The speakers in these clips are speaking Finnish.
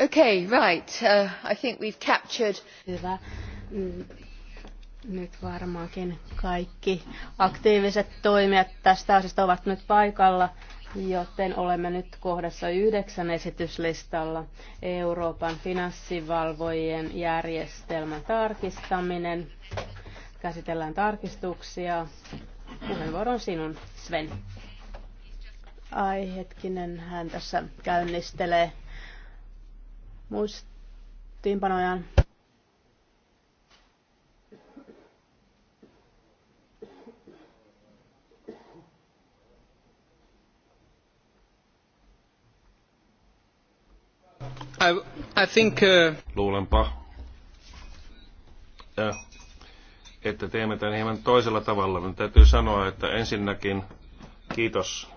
Uh, Hyvä. Mm, nyt varmaankin kaikki aktiiviset toimijat tästä asiasta ovat nyt paikalla, joten olemme nyt kohdassa yhdeksän esityslistalla Euroopan finanssivalvojien järjestelmän tarkistaminen. Käsitellään tarkistuksia. Puheenvuoro on sinun, Sven. Ai hetkinen, hän tässä käynnistelee muistiinpanojaan. I, I think, uh... Luulenpa, että teemme tämän hieman toisella tavalla. Minun täytyy sanoa, että ensinnäkin kiitos.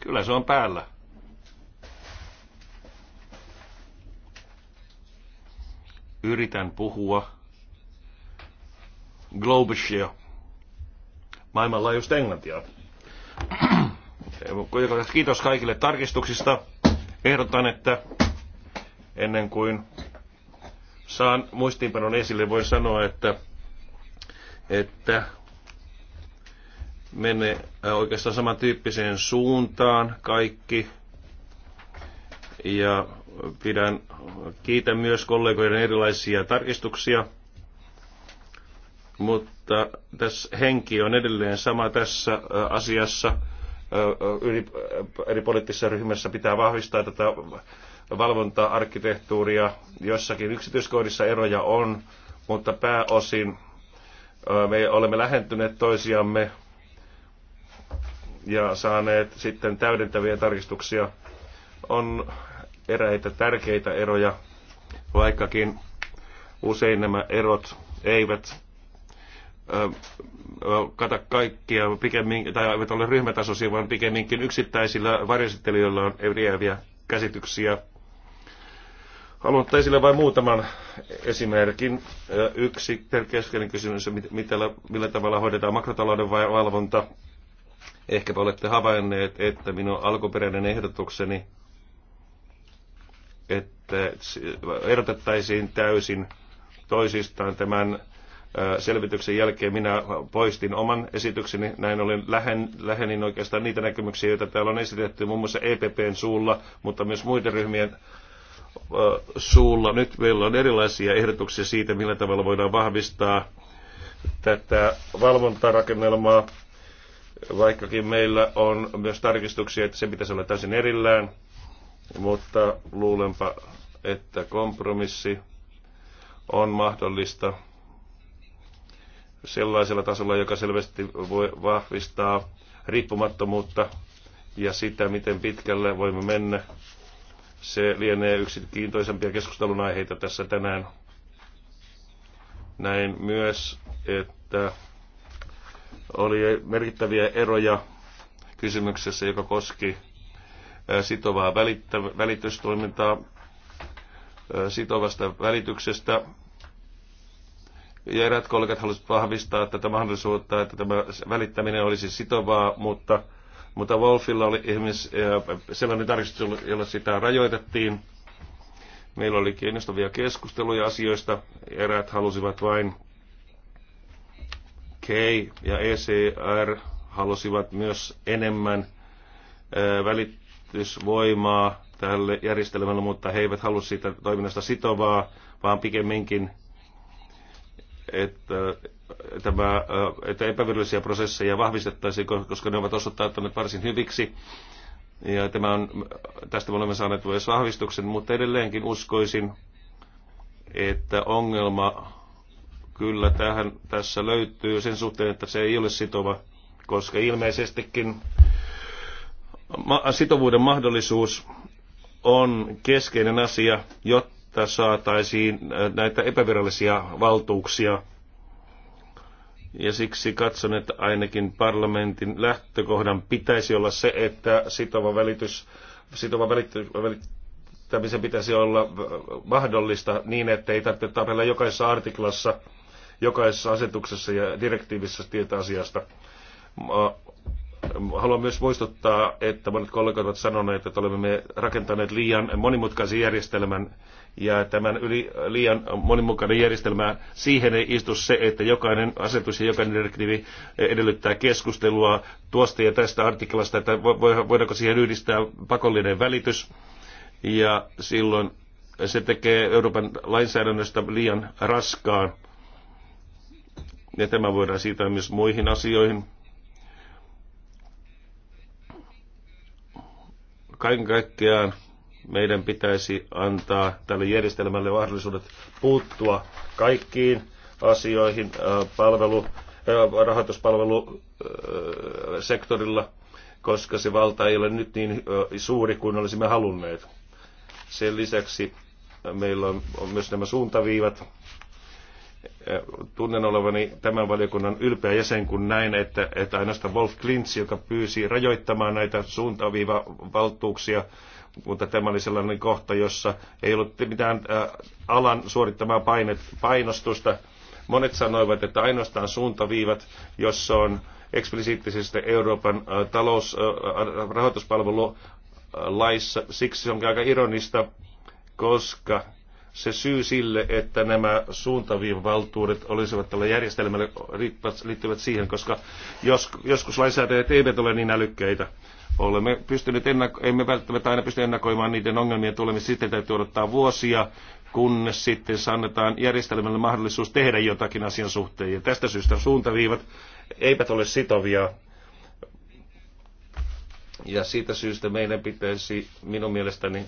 Kyllä se on päällä. yritän puhua Globishia, maailmanlaajuista englantia. Kiitos kaikille tarkistuksista. Ehdotan, että ennen kuin saan muistiinpanon esille, voin sanoa, että, että mene äh, oikeastaan samantyyppiseen suuntaan kaikki. Ja pidän, kiitän myös kollegoiden erilaisia tarkistuksia, mutta tässä henki on edelleen sama tässä asiassa. Yli, eri poliittisessa ryhmässä pitää vahvistaa tätä valvonta-arkkitehtuuria. Jossakin yksityiskohdissa eroja on, mutta pääosin me olemme lähentyneet toisiamme ja saaneet sitten täydentäviä tarkistuksia. On eräitä tärkeitä eroja, vaikkakin usein nämä erot eivät kata kaikkia, tai eivät ole ryhmätasoisia, vaan pikemminkin yksittäisillä varjostelijoilla on eriäviä käsityksiä. Haluan ottaa esille vain muutaman esimerkin. Yksi keskeinen kysymys on, millä tavalla hoidetaan makrotalouden valvonta. Ehkäpä olette havainneet, että minun alkuperäinen ehdotukseni että erotettaisiin täysin toisistaan tämän selvityksen jälkeen minä poistin oman esitykseni. Näin ollen lähen, lähenin oikeastaan niitä näkemyksiä, joita täällä on esitetty muun muassa EPPn suulla, mutta myös muiden ryhmien suulla. Nyt meillä on erilaisia ehdotuksia siitä, millä tavalla voidaan vahvistaa tätä valvontarakennelmaa, vaikkakin meillä on myös tarkistuksia, että se pitäisi olla täysin erillään mutta luulenpa, että kompromissi on mahdollista sellaisella tasolla, joka selvästi voi vahvistaa riippumattomuutta ja sitä, miten pitkälle voimme mennä. Se lienee yksi kiintoisempia keskustelun aiheita tässä tänään. Näin myös, että oli merkittäviä eroja kysymyksessä, joka koski sitovaa välittä, välitystoimintaa, sitovasta välityksestä. Ja eräät kollegat halusivat vahvistaa tätä mahdollisuutta, että tämä välittäminen olisi sitovaa, mutta, mutta Wolfilla oli ihmis, sellainen tarkistus, jolla sitä rajoitettiin. Meillä oli kiinnostavia keskusteluja asioista. Eräät halusivat vain K ja ECR halusivat myös enemmän välittää päätösvoimaa tälle järjestelmälle, mutta he eivät halua siitä toiminnasta sitovaa, vaan pikemminkin, että, tämä, että epävirallisia prosesseja vahvistettaisiin, koska ne ovat osoittautuneet varsin hyviksi. Ja tämä on, tästä me olemme saaneet myös vahvistuksen, mutta edelleenkin uskoisin, että ongelma kyllä tähän, tässä löytyy sen suhteen, että se ei ole sitova, koska ilmeisestikin sitovuuden mahdollisuus on keskeinen asia, jotta saataisiin äh, näitä epävirallisia valtuuksia. Ja siksi katson, että ainakin parlamentin lähtökohdan pitäisi olla se, että sitova välitys, sitova välittämisen pitäisi olla mahdollista niin, että ei tarvitse tapella jokaisessa artiklassa, jokaisessa asetuksessa ja direktiivissä tietä asiasta Haluan myös muistuttaa, että monet kollegat ovat sanoneet, että olemme me rakentaneet liian monimutkaisen järjestelmän ja tämän yli, liian monimutkainen järjestelmä, siihen ei istu se, että jokainen asetus ja jokainen direktiivi edellyttää keskustelua tuosta ja tästä artiklasta, että voidaanko siihen yhdistää pakollinen välitys ja silloin se tekee Euroopan lainsäädännöstä liian raskaan. Ja tämä voidaan siirtää myös muihin asioihin kaiken kaikkiaan meidän pitäisi antaa tälle järjestelmälle mahdollisuudet puuttua kaikkiin asioihin palvelu, rahoituspalvelusektorilla, koska se valta ei ole nyt niin suuri kuin olisimme halunneet. Sen lisäksi meillä on, on myös nämä suuntaviivat, tunnen olevani tämän valiokunnan ylpeä jäsen, kun näin, että, että ainoastaan Wolf Klintz, joka pyysi rajoittamaan näitä valtuuksia, mutta tämä oli sellainen kohta, jossa ei ollut mitään alan suorittamaa painet, painostusta. Monet sanoivat, että ainoastaan suuntaviivat, jos on eksplisiittisesti Euroopan talous, rahoituspalvelulaissa. Siksi se onkin aika ironista, koska se syy sille, että nämä suuntaviivavaltuudet olisivat tällä järjestelmällä liittyvät siihen, koska jos, joskus lainsäädäjät eivät ole niin älykkäitä. Olemme pystyneet ennako- emme välttämättä aina pysty ennakoimaan niiden ongelmien tulemista, sitten täytyy odottaa vuosia, kunnes sitten annetaan järjestelmälle mahdollisuus tehdä jotakin asian suhteen. Ja tästä syystä suuntaviivat eivät ole sitovia. Ja siitä syystä meidän pitäisi minun mielestäni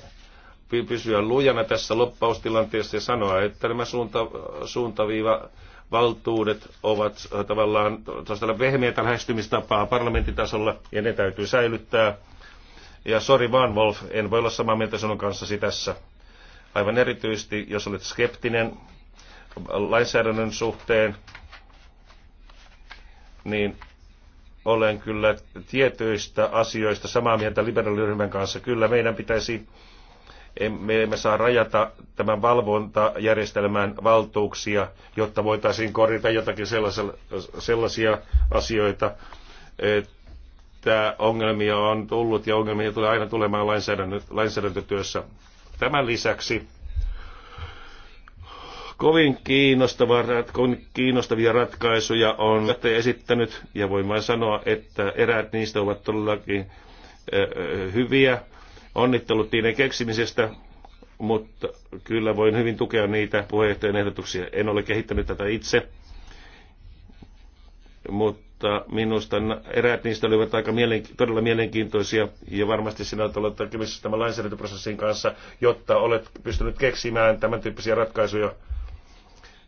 pysyä lujana tässä loppaustilanteessa ja sanoa, että nämä suunta, suuntaviiva valtuudet ovat äh, tavallaan tällaista lähestymistapaa parlamentin tasolla ja ne täytyy säilyttää. Ja sori vaan Wolf, en voi olla samaa mieltä sinun kanssasi tässä. Aivan erityisesti, jos olet skeptinen lainsäädännön suhteen, niin olen kyllä tietyistä asioista samaa mieltä liberaaliryhmän kanssa. Kyllä meidän pitäisi me emme saa rajata tämän valvontajärjestelmän valtuuksia, jotta voitaisiin korjata jotakin sellaisia asioita, että ongelmia on tullut ja ongelmia tulee aina tulemaan lainsäädäntötyössä. Tämän lisäksi kovin, kiinnostava, kovin kiinnostavia ratkaisuja on esittänyt, ja voin vain sanoa, että eräät niistä ovat todellakin hyviä, Onnittelut niiden keksimisestä, mutta kyllä voin hyvin tukea niitä puheenjohtajan ehdotuksia. En ole kehittänyt tätä itse, mutta minusta eräät niistä olivat aika mielenki- todella mielenkiintoisia ja varmasti sinä olet ollut tekemisissä tämän lainsäädäntöprosessin kanssa, jotta olet pystynyt keksimään tämän tyyppisiä ratkaisuja.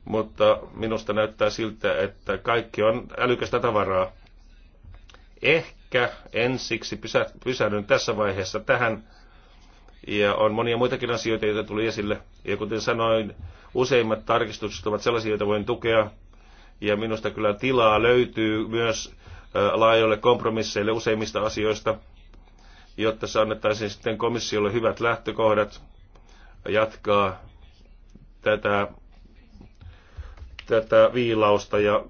Mutta minusta näyttää siltä, että kaikki on älykästä tavaraa. Ehkä ehkä ensiksi pysä, pysähdyn tässä vaiheessa tähän. Ja on monia muitakin asioita, joita tuli esille. Ja kuten sanoin, useimmat tarkistukset ovat sellaisia, joita voin tukea. Ja minusta kyllä tilaa löytyy myös laajoille kompromisseille useimmista asioista, jotta se annettaisiin sitten komissiolle hyvät lähtökohdat jatkaa tätä, tätä viilausta ja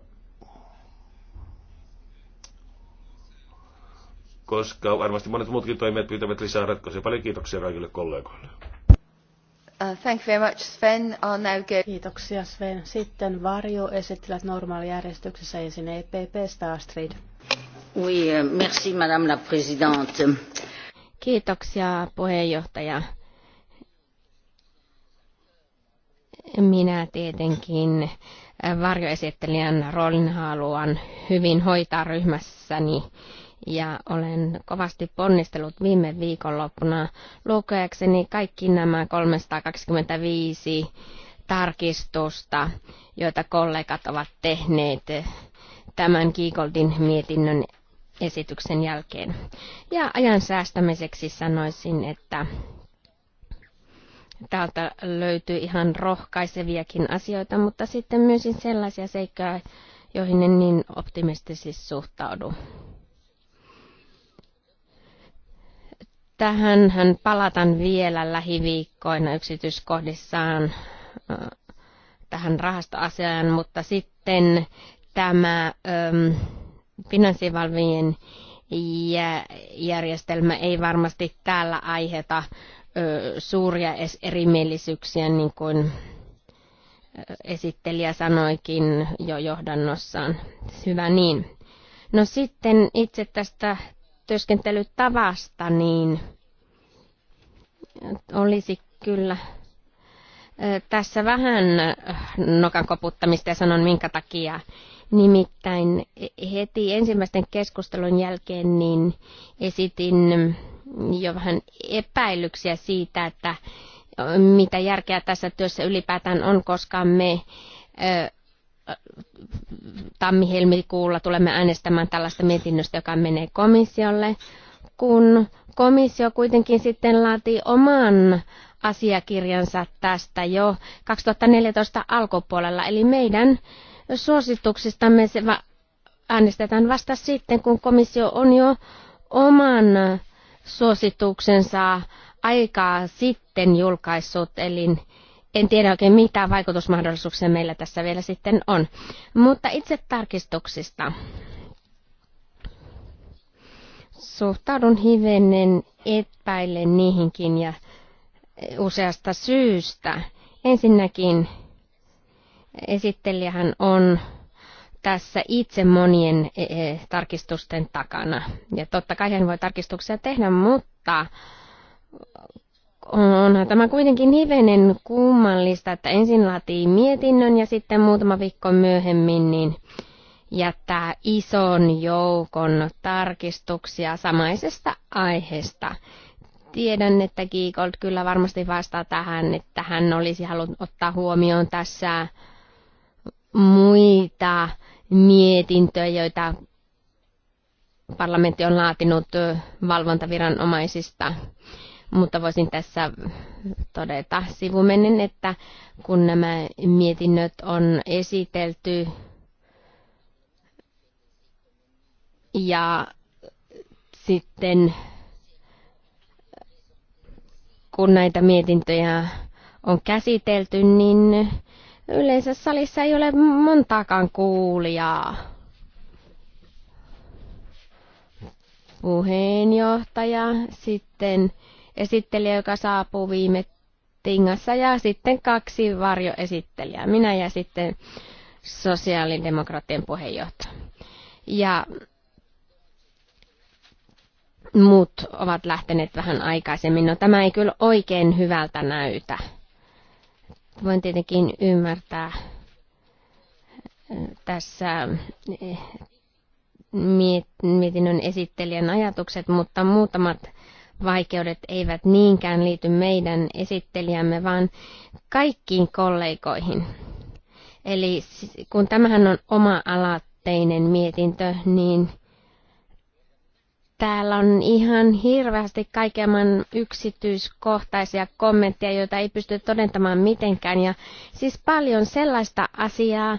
koska varmasti monet muutkin toimijat pyytävät lisää ratkaisuja. Paljon kiitoksia kaikille kollegoille. Uh, thank you very much, Sven. I'll now Kiitoksia, Sven. Sitten Varjo esittelät normaalijärjestyksessä ensin EPP Starstreet. Oui, euh, merci, madame la présidente. Kiitoksia, puheenjohtaja. Minä tietenkin äh, varjoesittelijän roolin haluan hyvin hoitaa ryhmässäni ja olen kovasti ponnistellut viime viikonloppuna lukeakseni kaikki nämä 325 tarkistusta, joita kollegat ovat tehneet tämän Kiikoldin mietinnön esityksen jälkeen. Ja ajan säästämiseksi sanoisin, että täältä löytyy ihan rohkaiseviakin asioita, mutta sitten myös sellaisia seikkoja, joihin en niin optimistisesti suhtaudu. Tähän hän palatan vielä lähiviikkoina yksityiskohdissaan tähän rahastoasiaan, mutta sitten tämä finanssivalvien järjestelmä ei varmasti täällä aiheta suuria erimielisyyksiä, niin kuin esittelijä sanoikin jo johdannossaan. Hyvä niin. No sitten itse tästä työskentelytavasta, niin olisi kyllä tässä vähän nokan koputtamista ja sanon minkä takia. Nimittäin heti ensimmäisten keskustelun jälkeen niin esitin jo vähän epäilyksiä siitä, että mitä järkeä tässä työssä ylipäätään on, koska me tammi-helmikuulla tulemme äänestämään tällaista mietinnöstä, joka menee komissiolle, kun komissio kuitenkin sitten laati oman asiakirjansa tästä jo 2014 alkupuolella. Eli meidän suosituksistamme se äänestetään vasta sitten, kun komissio on jo oman suosituksensa aikaa sitten julkaissut, eli en tiedä oikein mitä vaikutusmahdollisuuksia meillä tässä vielä sitten on. Mutta itse tarkistuksista suhtaudun hivenen epäille niihinkin ja useasta syystä. Ensinnäkin esittelijähän on tässä itse monien e, e, tarkistusten takana. Ja totta kai hän voi tarkistuksia tehdä, mutta onhan tämä kuitenkin hivenen kummallista, että ensin laatii mietinnön ja sitten muutama viikko myöhemmin niin jättää ison joukon tarkistuksia samaisesta aiheesta. Tiedän, että Giegold kyllä varmasti vastaa tähän, että hän olisi halunnut ottaa huomioon tässä muita mietintöjä, joita parlamentti on laatinut valvontaviranomaisista mutta voisin tässä todeta sivumennen, että kun nämä mietinnöt on esitelty ja sitten kun näitä mietintöjä on käsitelty, niin yleensä salissa ei ole montaakaan kuulijaa. Puheenjohtaja, sitten esittelijä, joka saapuu viime tingassa, ja sitten kaksi varjoesittelijää, minä ja sitten sosiaalidemokraattien puheenjohtaja. Ja muut ovat lähteneet vähän aikaisemmin. No tämä ei kyllä oikein hyvältä näytä. Voin tietenkin ymmärtää eh, tässä eh, mietinnön esittelijän ajatukset, mutta muutamat vaikeudet eivät niinkään liity meidän esittelijämme, vaan kaikkiin kollegoihin. Eli kun tämähän on oma alatteinen mietintö, niin täällä on ihan hirveästi kaikemman yksityiskohtaisia kommentteja, joita ei pysty todentamaan mitenkään. Ja siis paljon sellaista asiaa,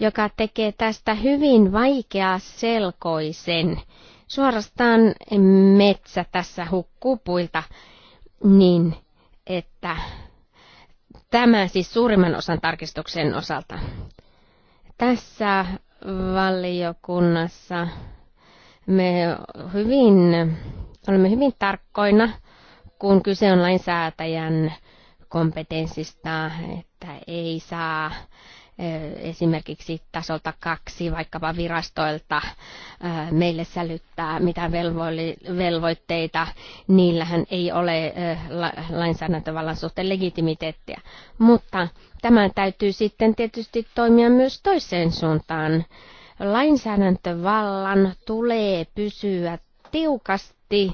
joka tekee tästä hyvin vaikeaa selkoisen. Suorastaan metsä tässä hukkuu puilta niin, että tämä siis suurimman osan tarkistuksen osalta. Tässä valiokunnassa me hyvin, olemme hyvin tarkkoina, kun kyse on lainsäätäjän kompetenssista, että ei saa Eh, esimerkiksi tasolta kaksi vaikkapa virastoilta eh, meille sälyttää mitä velvoitteita, niillähän ei ole eh, lainsäädäntövallan suhteen legitimiteettiä. Mutta tämän täytyy sitten tietysti toimia myös toiseen suuntaan. Lainsäädäntövallan tulee pysyä tiukasti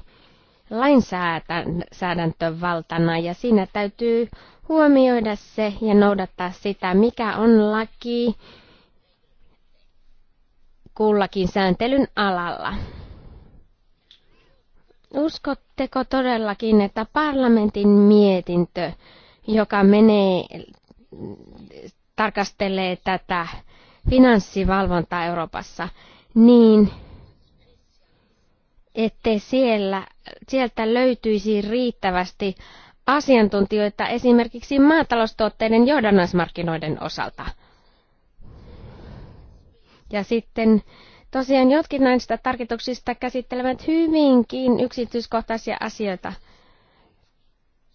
lainsäädäntövaltana ja siinä täytyy huomioida se ja noudattaa sitä, mikä on laki kullakin sääntelyn alalla. Uskotteko todellakin, että parlamentin mietintö, joka menee, tarkastelee tätä finanssivalvontaa Euroopassa, niin ettei siellä, sieltä löytyisi riittävästi asiantuntijoita esimerkiksi maataloustuotteiden johdannaismarkkinoiden osalta. Ja sitten tosiaan jotkin näistä tarkoituksista käsittelevät hyvinkin yksityiskohtaisia asioita.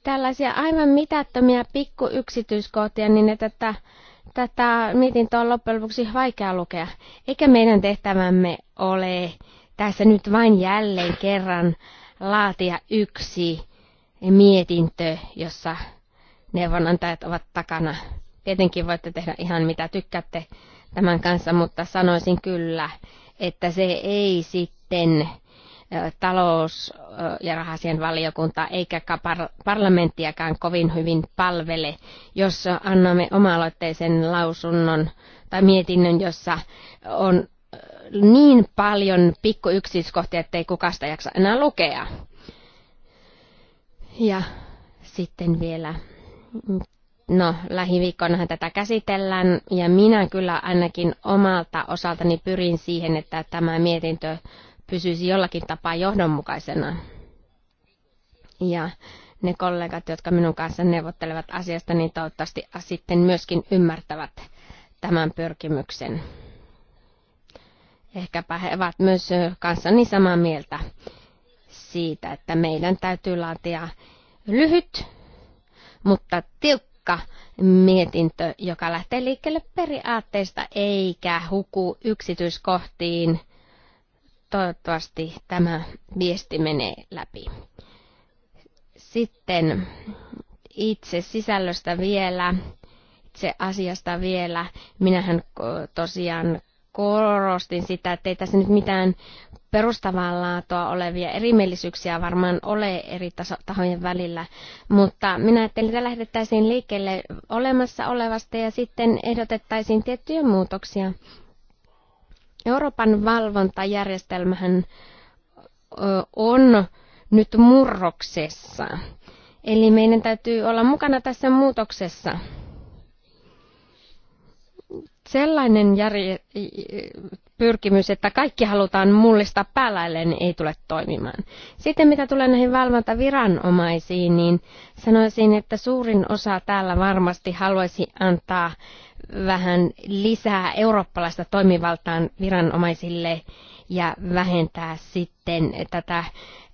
Tällaisia aivan mitättömiä pikkuyksityiskohtia, niin että tätä, tätä mietintöä on loppujen lopuksi vaikea lukea. Eikä meidän tehtävämme ole tässä nyt vain jälleen kerran laatia yksi mietintö, jossa neuvonantajat ovat takana. Tietenkin voitte tehdä ihan mitä tykkäätte tämän kanssa, mutta sanoisin kyllä, että se ei sitten talous- ja rahasien valiokunta eikä parlamenttiakaan kovin hyvin palvele, jos annamme oma-aloitteisen lausunnon tai mietinnön, jossa on niin paljon pikkuyksityiskohtia, ettei kukasta jaksa enää lukea. Ja sitten vielä, no lähiviikkoonahan tätä käsitellään ja minä kyllä ainakin omalta osaltani pyrin siihen, että tämä mietintö pysyisi jollakin tapaa johdonmukaisena. Ja ne kollegat, jotka minun kanssa neuvottelevat asiasta, niin toivottavasti sitten myöskin ymmärtävät tämän pyrkimyksen. Ehkäpä he ovat myös kanssani samaa mieltä siitä, että meidän täytyy laatia lyhyt, mutta tiukka mietintö, joka lähtee liikkeelle periaatteista eikä huku yksityiskohtiin. Toivottavasti tämä viesti menee läpi. Sitten itse sisällöstä vielä, itse asiasta vielä. Minähän tosiaan korostin sitä, että ei tässä nyt mitään perustavanlaatua olevia erimielisyyksiä varmaan ole eri taso- tahojen välillä, mutta minä ajattelin, että lähdettäisiin liikkeelle olemassa olevasta ja sitten ehdotettaisiin tiettyjä muutoksia. Euroopan valvontajärjestelmähän on nyt murroksessa. Eli meidän täytyy olla mukana tässä muutoksessa. Sellainen järje- pyrkimys, että kaikki halutaan mullistaa päälailleen, niin ei tule toimimaan. Sitten mitä tulee näihin valvontaviranomaisiin, niin sanoisin, että suurin osa täällä varmasti haluaisi antaa vähän lisää eurooppalaista toimivaltaan viranomaisille ja vähentää sitten tätä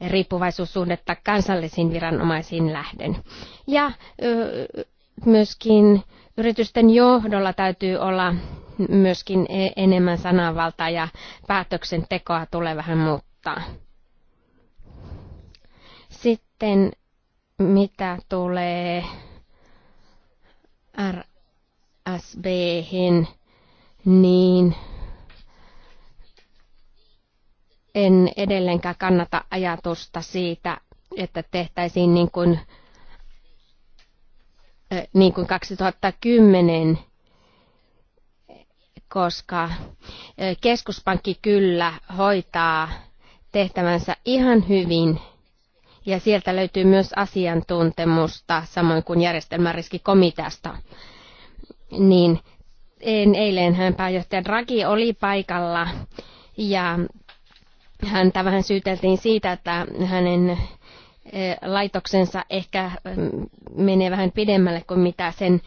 riippuvaisuussuhdetta kansallisiin viranomaisiin lähden. Ja myöskin yritysten johdolla täytyy olla myöskin e- enemmän sananvaltaa ja päätöksentekoa tulee vähän muuttaa. Sitten mitä tulee rsb niin en edelleenkään kannata ajatusta siitä, että tehtäisiin niin kuin, niin kuin 2010 koska keskuspankki kyllä hoitaa tehtävänsä ihan hyvin ja sieltä löytyy myös asiantuntemusta, samoin kuin järjestelmäriskikomiteasta. Niin eilenhän pääjohtaja Draghi oli paikalla ja häntä vähän syyteltiin siitä, että hänen laitoksensa ehkä menee vähän pidemmälle kuin mitä sen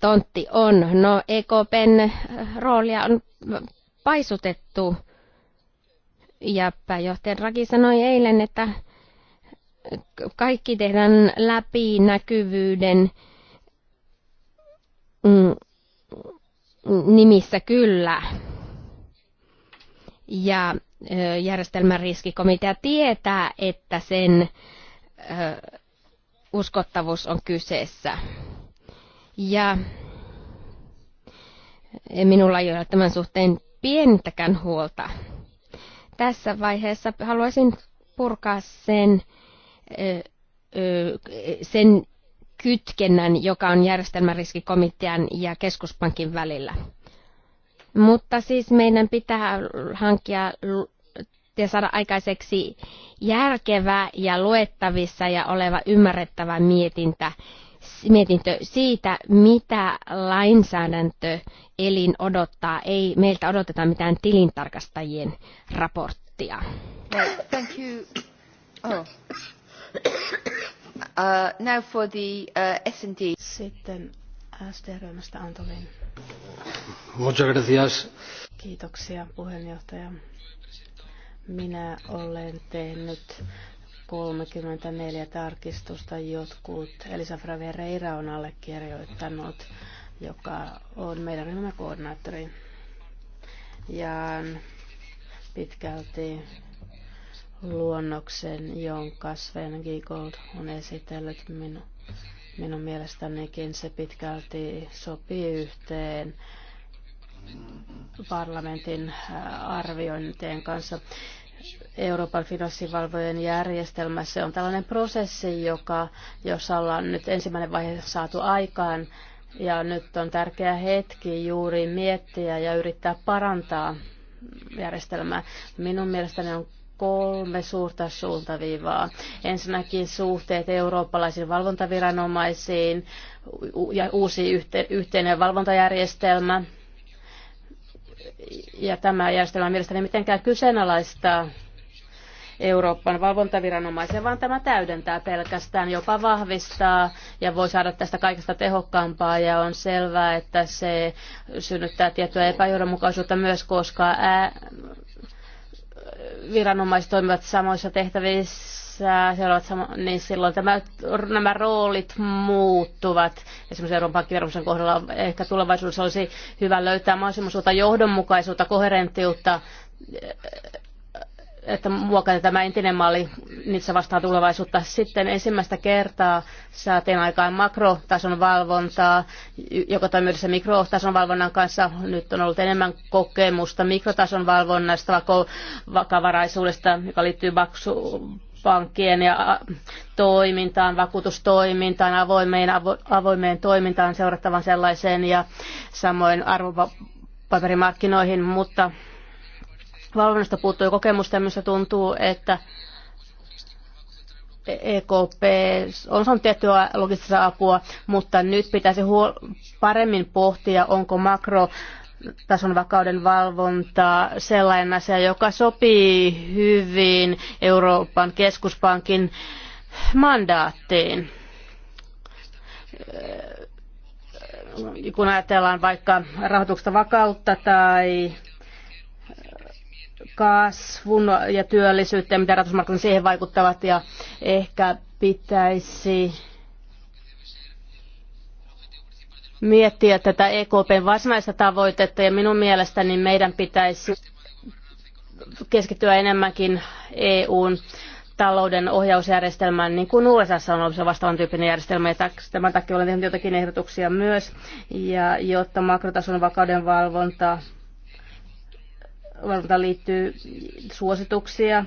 tontti on. No EKPn eh, roolia on paisutettu ja pääjohtaja Raki sanoi eilen, että kaikki tehdään läpi näkyvyyden mm, mm, nimissä kyllä. Ja eh, järjestelmän riskikomitea tietää, että sen eh, uskottavuus on kyseessä. Ja eh, minulla ei ole tämän suhteen pientäkään huolta. Tässä vaiheessa haluaisin purkaa sen, eh, eh, sen kytkennän, joka on järjestelmäriskikomitean ja keskuspankin välillä. Mutta siis meidän pitää hankkia ja saada aikaiseksi järkevä ja luettavissa ja oleva ymmärrettävä mietintä, mietintö siitä, mitä lainsäädäntö elin odottaa. Ei meiltä odoteta mitään tilintarkastajien raporttia. Thank you. Oh. Uh, now for the uh, S&D. Sitten ST-ryhmästä Antolin. Muchas gracias. Kiitoksia puheenjohtaja. Minä olen tehnyt 34 tarkistusta jotkut Elisa Fravereira on allekirjoittanut, joka on meidän ryhmäkoordinaattori. ja pitkälti luonnoksen, jonka Sven Giegold on esitellyt minu, minun mielestänikin. Se pitkälti sopii yhteen parlamentin äh, arviointien kanssa. Euroopan finanssivalvojen järjestelmä. Se on tällainen prosessi, joka, jossa ollaan nyt ensimmäinen vaihe saatu aikaan. Ja nyt on tärkeä hetki juuri miettiä ja yrittää parantaa järjestelmää. Minun mielestäni on kolme suurta suuntaviivaa. Ensinnäkin suhteet eurooppalaisiin valvontaviranomaisiin ja uusi yhteinen valvontajärjestelmä, ja tämä järjestelmä mielestäni mitenkään kyseenalaistaa Euroopan valvontaviranomaisen, vaan tämä täydentää pelkästään, jopa vahvistaa ja voi saada tästä kaikesta tehokkaampaa ja on selvää, että se synnyttää tiettyä epäjohdonmukaisuutta myös, koska ää, viranomaiset toimivat samoissa tehtävissä sääsevät, niin silloin tämä, nämä roolit muuttuvat. Esimerkiksi Euroopan pankkiverkoston kohdalla ehkä tulevaisuudessa olisi hyvä löytää mahdollisimman johdonmukaisuutta, koherenttiutta, että muokata tämä entinen malli, se vastaa tulevaisuutta. Sitten ensimmäistä kertaa saatiin aikaan makrotason valvontaa, joka toimii yhdessä mikrotason valvonnan kanssa. Nyt on ollut enemmän kokemusta mikrotason valvonnasta, vakavaraisuudesta, joka liittyy pankkien ja toimintaan, vakuutustoimintaan, avoimeen, avo, avoimeen toimintaan seurattavan sellaiseen ja samoin arvopaperimarkkinoihin, mutta valvonnasta puuttuu kokemus tämmöistä tuntuu, että EKP on saanut tiettyä logistista apua, mutta nyt pitäisi huol- paremmin pohtia, onko makro tason vakauden valvontaa sellainen asia, joka sopii hyvin Euroopan keskuspankin mandaattiin. Kun ajatellaan vaikka rahoituksesta vakautta tai kasvun ja työllisyyttä ja mitä rahoitusmarkkinat siihen vaikuttavat ja ehkä pitäisi miettiä tätä EKPn varsinaista tavoitetta ja minun mielestäni meidän pitäisi keskittyä enemmänkin EUn talouden ohjausjärjestelmään, niin kuin USA on ollut se vastaavan tyyppinen järjestelmä, ja tämän takia olen tehnyt jotakin ehdotuksia myös, ja jotta makrotason vakauden valvonta, valvonta liittyy suosituksia,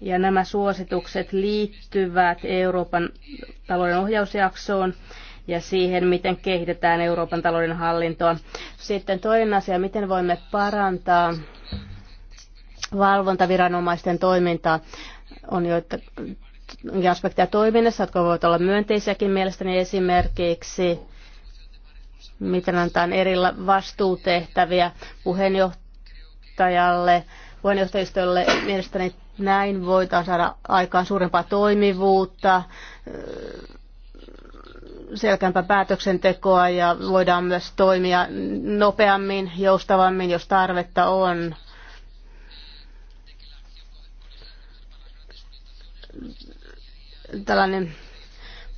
ja nämä suositukset liittyvät Euroopan talouden ohjausjaksoon, ja siihen, miten kehitetään Euroopan talouden hallintoa. Sitten toinen asia, miten voimme parantaa valvontaviranomaisten toimintaa. On joita aspekteja toiminnassa, jotka voivat olla myönteisiäkin mielestäni esimerkiksi, miten antaa eri vastuutehtäviä puheenjohtajalle, puheenjohtajistolle. Mielestäni näin voidaan saada aikaan suurempaa toimivuutta, selkeämpää päätöksentekoa ja voidaan myös toimia nopeammin, joustavammin, jos tarvetta on. Tällainen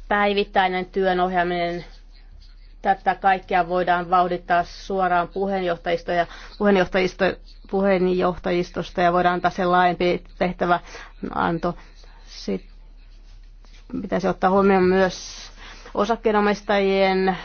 päivittäinen työnohjaaminen tätä kaikkea voidaan vauhdittaa suoraan puheenjohtajisto ja puheenjohtajisto, puheenjohtajistosta ja voidaan antaa sen laajempi tehtävä anto. Sitten pitäisi ottaa huomioon myös osakkeenomistajien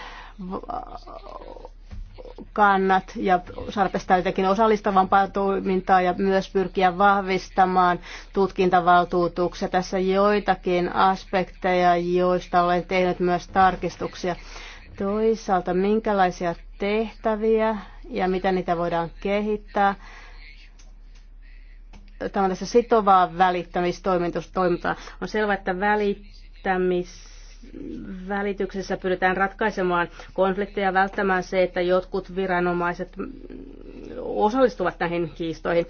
kannat ja saada jotenkin osallistavampaa toimintaa ja myös pyrkiä vahvistamaan tutkintavaltuutuksia. Tässä joitakin aspekteja, joista olen tehnyt myös tarkistuksia. Toisaalta minkälaisia tehtäviä ja miten niitä voidaan kehittää. Tämä on tässä sitovaa välittämistoimintaa. On selvää, että välittämis välityksessä pyritään ratkaisemaan konflikteja välttämään se, että jotkut viranomaiset osallistuvat näihin kiistoihin.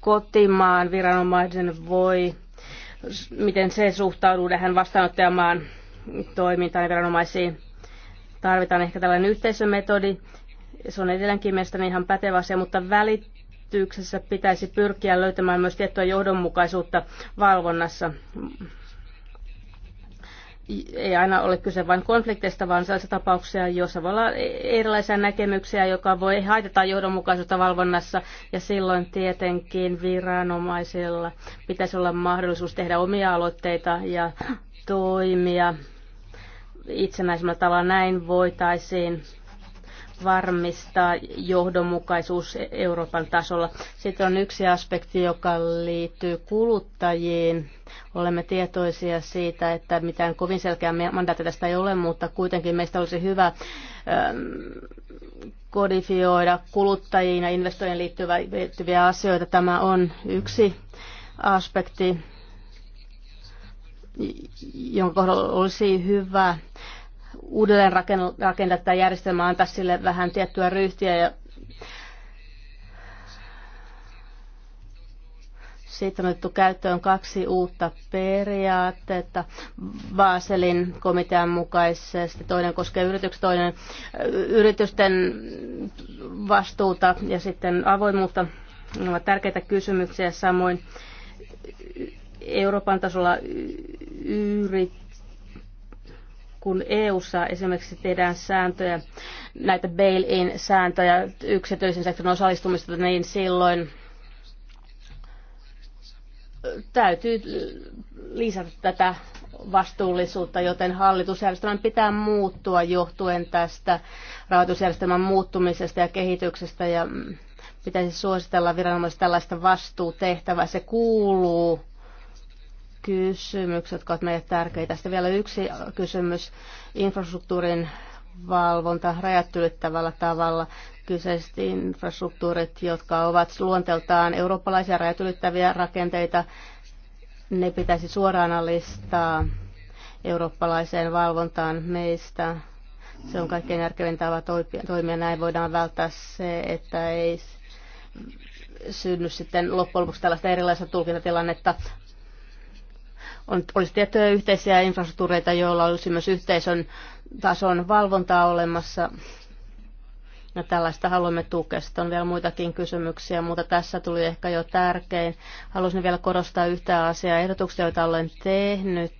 Kotimaan viranomaisen voi, miten se suhtautuu tähän vastaanottajamaan toimintaan ja viranomaisiin. Tarvitaan ehkä tällainen yhteisömetodi. Se on edelleenkin mielestäni ihan pätevä asia, mutta välityksessä pitäisi pyrkiä löytämään myös tiettyä johdonmukaisuutta valvonnassa ei aina ole kyse vain konflikteista, vaan sellaisia tapauksia, joissa voi olla erilaisia näkemyksiä, joka voi haitata johdonmukaisuutta valvonnassa, ja silloin tietenkin viranomaisilla pitäisi olla mahdollisuus tehdä omia aloitteita ja toimia itsenäisemmällä tavalla. Näin voitaisiin varmistaa johdonmukaisuus Euroopan tasolla. Sitten on yksi aspekti, joka liittyy kuluttajiin. Olemme tietoisia siitä, että mitään kovin selkeää mandaatti tästä ei ole, mutta kuitenkin meistä olisi hyvä ähm, kodifioida kuluttajiin ja investoijien liittyviä asioita. Tämä on yksi aspekti, jonka kohdalla olisi hyvä uudelleen rakentaa tätä järjestelmää, antaa sille vähän tiettyä ryhtiä ja sitten on otettu käyttöön kaksi uutta periaatteetta Baselin komitean mukaisesti. Toinen koskee yritykset, toinen yritysten vastuuta ja sitten avoimuutta. Ne ovat tärkeitä kysymyksiä. Samoin Euroopan tasolla yrit kun EU:ssa esimerkiksi tehdään sääntöjä, näitä bail-in-sääntöjä yksityisen sektorin osallistumista, niin silloin täytyy lisätä tätä vastuullisuutta, joten hallitusjärjestelmän pitää muuttua johtuen tästä rahoitusjärjestelmän muuttumisesta ja kehityksestä ja pitäisi suositella viranomaisille tällaista vastuutehtävää. Se kuuluu kysymykset, jotka ovat meille tärkeitä. Sitten vielä yksi kysymys, infrastruktuurin valvonta rajat ylittävällä tavalla. Kyseiset infrastruktuurit, jotka ovat luonteeltaan eurooppalaisia rajat ylittäviä rakenteita, ne pitäisi suoraan alistaa eurooppalaiseen valvontaan meistä. Se on kaikkein järkevin tapa toimia. Näin voidaan välttää se, että ei synny sitten loppujen lopuksi tällaista erilaista tulkintatilannetta on, olisi tiettyjä yhteisiä infrastruktuureita, joilla olisi myös yhteisön tason valvontaa olemassa. Ja tällaista haluamme tukea. Sitten on vielä muitakin kysymyksiä, mutta tässä tuli ehkä jo tärkein. Haluaisin vielä korostaa yhtä asiaa ehdotuksia, joita olen tehnyt.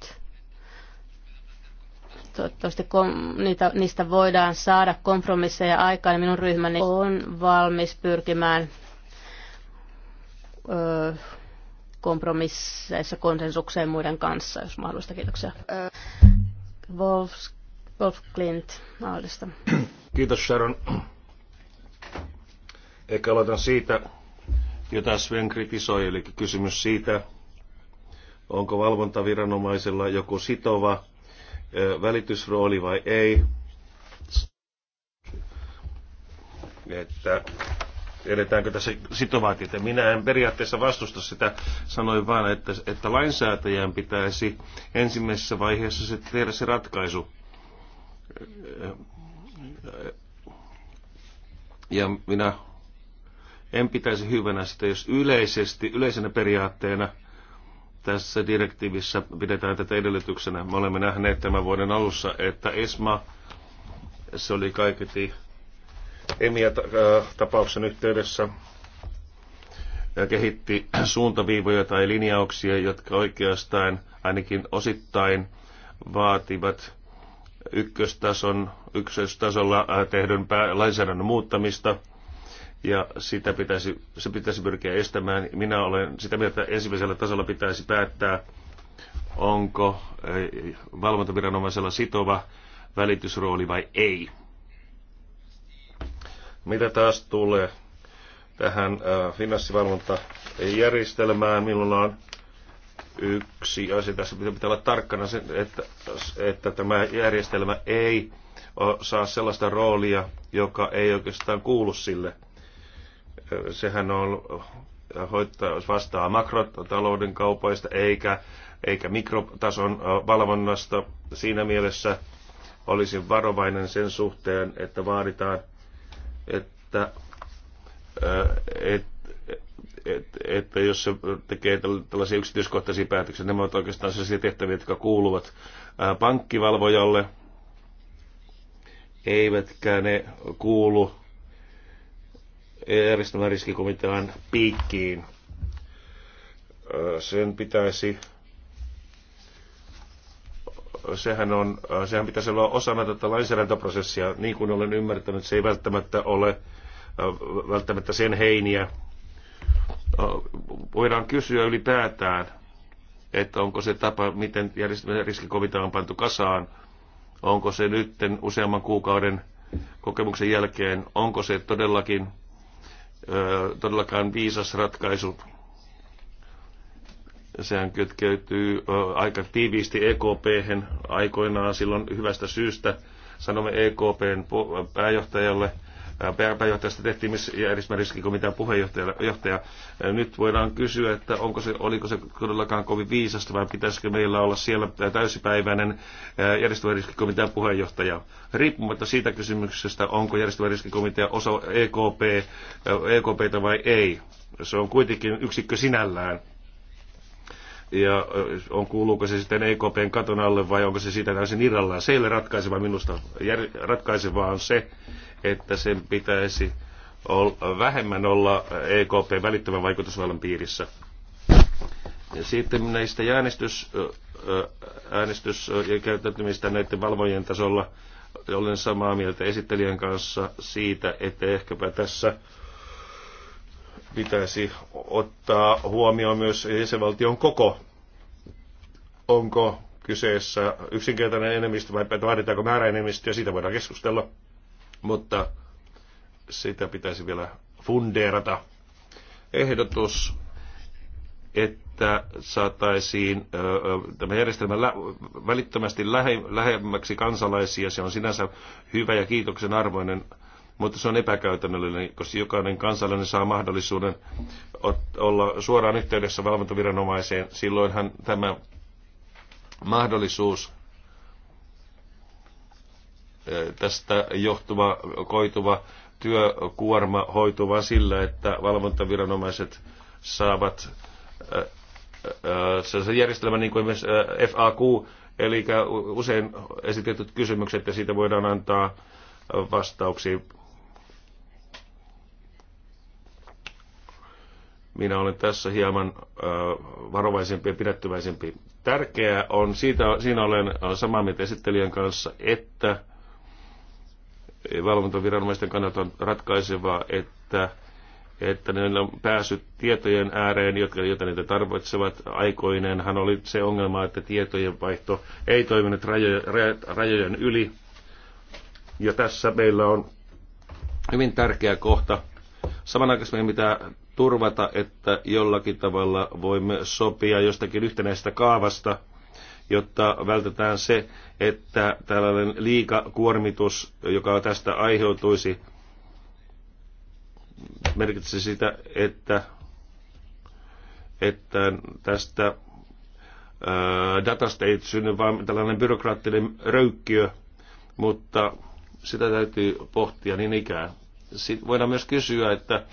Toivottavasti niitä, niistä voidaan saada kompromisseja aikaan. minun ryhmäni on valmis pyrkimään öö, kompromisseissa konsensukseen muiden kanssa, jos mahdollista. Kiitoksia. Wolf, Wolf Clint Aaldista. Kiitos Sharon. Ehkä aloitan siitä, jota Sven kritisoi, eli kysymys siitä, onko valvontaviranomaisella joku sitova välitysrooli vai ei. Että edetäänkö tässä tietä. Minä en periaatteessa vastusta sitä, sanoin vaan, että, että lainsäätäjän pitäisi ensimmäisessä vaiheessa se tehdä se ratkaisu. Ja minä en pitäisi hyvänä sitä, jos yleisesti, yleisenä periaatteena tässä direktiivissä pidetään tätä edellytyksenä. Me olemme nähneet tämän vuoden alussa, että ESMA, se oli kaiketi EMIA-tapauksen äh, yhteydessä äh, kehitti suuntaviivoja tai linjauksia, jotka oikeastaan ainakin osittain vaativat ykköstason, ykköstasolla äh, tehdyn lainsäädännön muuttamista ja sitä pitäisi, se pitäisi pyrkiä estämään. Minä olen sitä mieltä, että ensimmäisellä tasolla pitäisi päättää, onko valvontaviranomaisella sitova välitysrooli vai ei. Mitä taas tulee tähän äh, finanssivalvontajärjestelmään, milloin on yksi asia tässä, pitää, pitää olla tarkkana, sen, että, että tämä järjestelmä ei saa sellaista roolia, joka ei oikeastaan kuulu sille. Sehän on hoitaa, vastaa makrotalouden kaupoista eikä, eikä mikrotason valvonnasta. Siinä mielessä olisin varovainen sen suhteen, että vaaditaan että, et, et, että jos se tekee tällaisia yksityiskohtaisia päätöksiä, ne ovat oikeastaan sellaisia tehtäviä, jotka kuuluvat pankkivalvojalle, eivätkä ne kuulu riskikomitean piikkiin. Sen pitäisi sehän, on, äh, sehän pitäisi olla osana tätä lainsäädäntöprosessia. Niin kuin olen ymmärtänyt, se ei välttämättä ole äh, välttämättä sen heiniä. Äh, voidaan kysyä ylipäätään, että onko se tapa, miten riskikovita on pantu kasaan, onko se nyt useamman kuukauden kokemuksen jälkeen, onko se todellakin todellakaan viisas ratkaisu Sehän kytkeytyy aika tiiviisti ekp aikoinaan silloin hyvästä syystä. Sanomme EKPn pääjohtajalle, pääjohtajasta tehtiin myös järjestelmäriskikomitean puheenjohtaja. Nyt voidaan kysyä, että onko se, oliko se todellakaan kovin viisasta vai pitäisikö meillä olla siellä täysipäiväinen järjestelmäriskikomitean puheenjohtaja. Riippumatta siitä kysymyksestä, onko järjestelmäriskikomitea osa EKP, EKPtä vai ei. Se on kuitenkin yksikkö sinällään ja on, kuuluuko se sitten EKPn katon alle vai onko se siitä täysin irrallaan. Se ei ole ratkaisevaa minusta. Ratkaisevaa on se, että sen pitäisi vähemmän olla EKP välittömän vaikutusvallan piirissä. Ja sitten näistä äänestys, äänestys ja käyttäytymistä näiden valvojien tasolla olen samaa mieltä esittelijän kanssa siitä, että ehkäpä tässä pitäisi ottaa huomioon myös jäsenvaltion koko. Onko kyseessä yksinkertainen enemmistö vai vaaditaanko enemmistö ja siitä voidaan keskustella, mutta sitä pitäisi vielä fundeerata. Ehdotus, että saataisiin tämä järjestelmä välittömästi lähemmäksi kansalaisia, se on sinänsä hyvä ja kiitoksen arvoinen mutta se on epäkäytännöllinen, koska jokainen kansalainen saa mahdollisuuden olla suoraan yhteydessä valvontaviranomaiseen. Silloinhan tämä mahdollisuus tästä johtuva, koituva työkuorma hoituu vain sillä, että valvontaviranomaiset saavat sellaisen järjestelmän, niin kuin myös FAQ, eli usein esitetyt kysymykset ja siitä voidaan antaa vastauksia Minä olen tässä hieman varovaisempi ja pidättyväisempi. Tärkeää on, siitä, siinä olen samaa mieltä esittelijän kanssa, että valvontaviranomaisten kannalta on ratkaisevaa, että että ne on päässyt tietojen ääreen, jotka, joita niitä tarvitsevat. Aikoineenhan oli se ongelma, että tietojen vaihto ei toiminut rajojen, rajojen yli. Ja tässä meillä on hyvin tärkeä kohta. Samanaikaisesti meidän pitää turvata, että jollakin tavalla voimme sopia jostakin yhtenäisestä kaavasta, jotta vältetään se, että tällainen liikakuormitus, joka tästä aiheutuisi, merkitsisi sitä, että, että tästä datasta ei synny vain tällainen byrokraattinen röykkiö, mutta sitä täytyy pohtia niin ikään. Sitten voidaan myös kysyä, että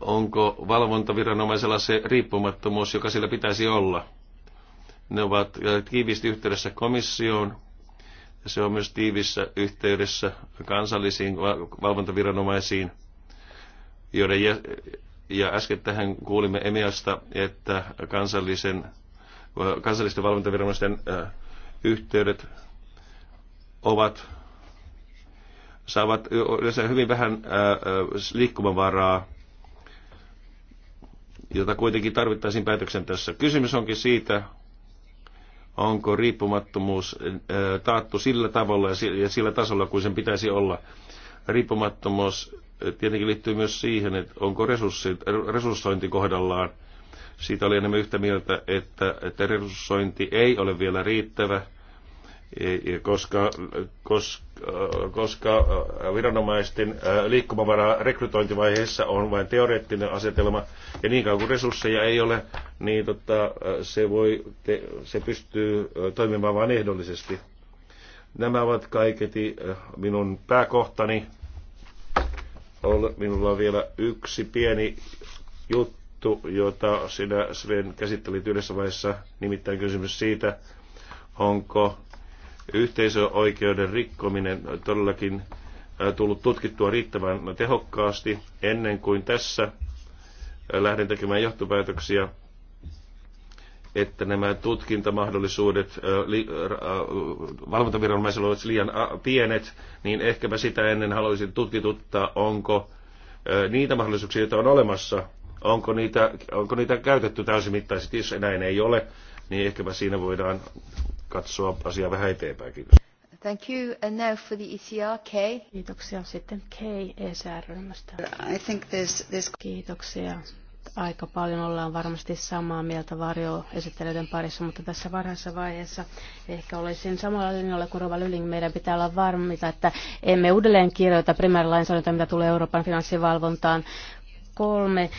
onko valvontaviranomaisella se riippumattomuus, joka sillä pitäisi olla. Ne ovat tiivisti yhteydessä komissioon, se on myös tiivissä yhteydessä kansallisiin valvontaviranomaisiin, joiden jä, ja tähän kuulimme EMIAsta, että kansallisen, kansallisten valvontaviranomaisten yhteydet ovat saavat hyvin vähän liikkumavaraa jota kuitenkin tarvittaisiin päätöksen tässä. Kysymys onkin siitä, onko riippumattomuus taattu sillä tavalla ja sillä tasolla kuin sen pitäisi olla. Riippumattomuus tietenkin liittyy myös siihen, että onko resurssit, resurssointi kohdallaan. Siitä oli enemmän yhtä mieltä, että, että resurssointi ei ole vielä riittävä koska, koska, koska äh, viranomaisten äh, liikkumavara rekrytointivaiheessa on vain teoreettinen asetelma, ja niin kauan kuin resursseja ei ole, niin tota, äh, se, voi, te, se pystyy toimimaan vain ehdollisesti. Nämä ovat kaiketi minun pääkohtani. Minulla on vielä yksi pieni juttu, jota sinä Sven käsittelit yhdessä vaiheessa, nimittäin kysymys siitä, onko Yhteisöoikeuden rikkominen todellakin äh, tullut tutkittua riittävän tehokkaasti ennen kuin tässä äh, lähden tekemään johtopäätöksiä, että nämä tutkintamahdollisuudet äh, valvontaviranomaisilla olisivat liian pienet, niin ehkäpä sitä ennen haluaisin tutkituttaa, onko niitä mahdollisuuksia, joita on olemassa, onko niitä, onko niitä käytetty täysimittaisesti, jos näin ei ole, niin ehkäpä siinä voidaan katsoa asiaa vähän eteenpäin. Kiitos. Thank you. And now for the ECR, Kay. Kiitoksia sitten Kay ECR-ryhmästä. I think this, this... Kiitoksia. Aika paljon ollaan varmasti samaa mieltä varjoesittelyiden parissa, mutta tässä varhaisessa vaiheessa ehkä olisin samalla linjalla kuin Rova Lyling. Meidän pitää olla varmita, että emme uudelleen kirjoita primäärilainsäädäntöä, mitä tulee Euroopan finanssivalvontaan, kolme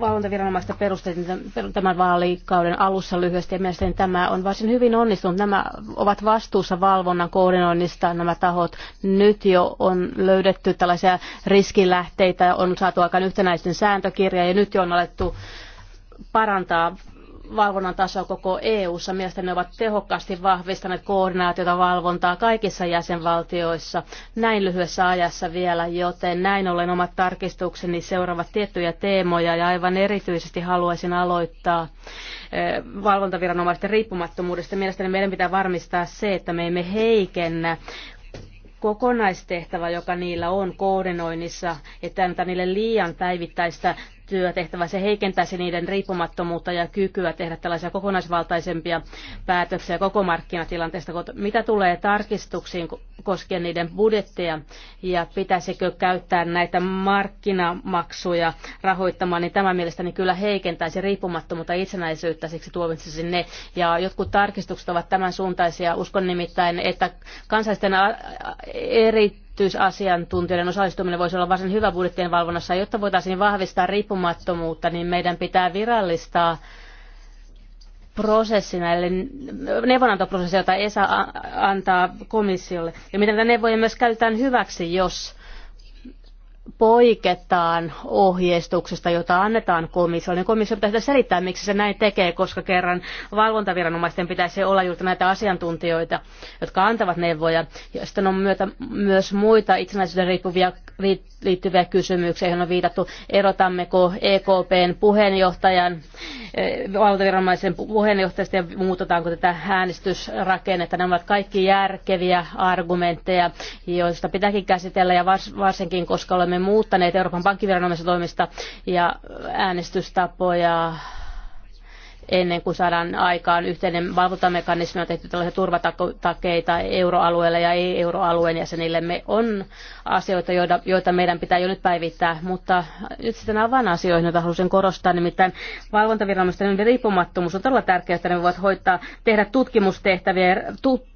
valvontaviranomaista perustettiin tämän vaalikauden alussa lyhyesti ja mielestäni tämä on varsin hyvin onnistunut. Nämä ovat vastuussa valvonnan koordinoinnista nämä tahot. Nyt jo on löydetty tällaisia riskilähteitä, on saatu aikaan yhtenäisten sääntökirja ja nyt jo on alettu parantaa valvonnan taso koko EU-ssa. Mielestäni ne ovat tehokkaasti vahvistaneet koordinaatiota valvontaa kaikissa jäsenvaltioissa näin lyhyessä ajassa vielä, joten näin ollen omat tarkistukseni seuraavat tiettyjä teemoja ja aivan erityisesti haluaisin aloittaa eh, valvontaviranomaisten riippumattomuudesta. Mielestäni meidän pitää varmistaa se, että me emme heikennä kokonaistehtävä, joka niillä on koordinoinnissa, että antaa niille liian päivittäistä työtehtävä. Se heikentäisi niiden riippumattomuutta ja kykyä tehdä tällaisia kokonaisvaltaisempia päätöksiä koko markkinatilanteesta. Mitä tulee tarkistuksiin koskien niiden budjetteja ja pitäisikö käyttää näitä markkinamaksuja rahoittamaan, niin tämä mielestäni kyllä heikentäisi riippumattomuutta itsenäisyyttä, siksi tuomitsisin ne. Ja jotkut tarkistukset ovat tämän suuntaisia. Uskon nimittäin, että kansallisten eri erityisasiantuntijoiden osallistuminen voisi olla varsin hyvä budjettien valvonnassa. Jotta voitaisiin vahvistaa riippumattomuutta, niin meidän pitää virallistaa prosessi näille neuvonantoprosesseille, jota ESA antaa komissiolle. Ja miten näitä neuvoja myös käytetään hyväksi, jos poiketaan ohjeistuksesta, jota annetaan komissiolle, niin komissio pitäisi selittää, miksi se näin tekee, koska kerran valvontaviranomaisten pitäisi olla juuri näitä asiantuntijoita, jotka antavat neuvoja. Ja sitten on myötä myös muita itsenäisyyden riippuvia, liittyviä kysymyksiä, joihin on viitattu, erotammeko EKPn puheenjohtajan, eh, valvontaviranomaisen puheenjohtajasta ja muutetaanko tätä äänestysrakennetta. Nämä ovat kaikki järkeviä argumentteja, joista pitääkin käsitellä ja varsinkin, koska olemme olemme muuttaneet Euroopan pankkiviranomaisen toimista ja äänestystapoja ennen kuin saadaan aikaan yhteinen valvontamekanismi on tehty tällaisia turvatakeita euroalueelle ja ei-euroalueen jäsenillemme. On asioita, joita, meidän pitää jo nyt päivittää, mutta nyt sitten asioihin, joita haluaisin korostaa, nimittäin valvontaviranomaisten riippumattomuus on todella tärkeää, että ne voivat hoitaa, tehdä tutkimustehtäviä ja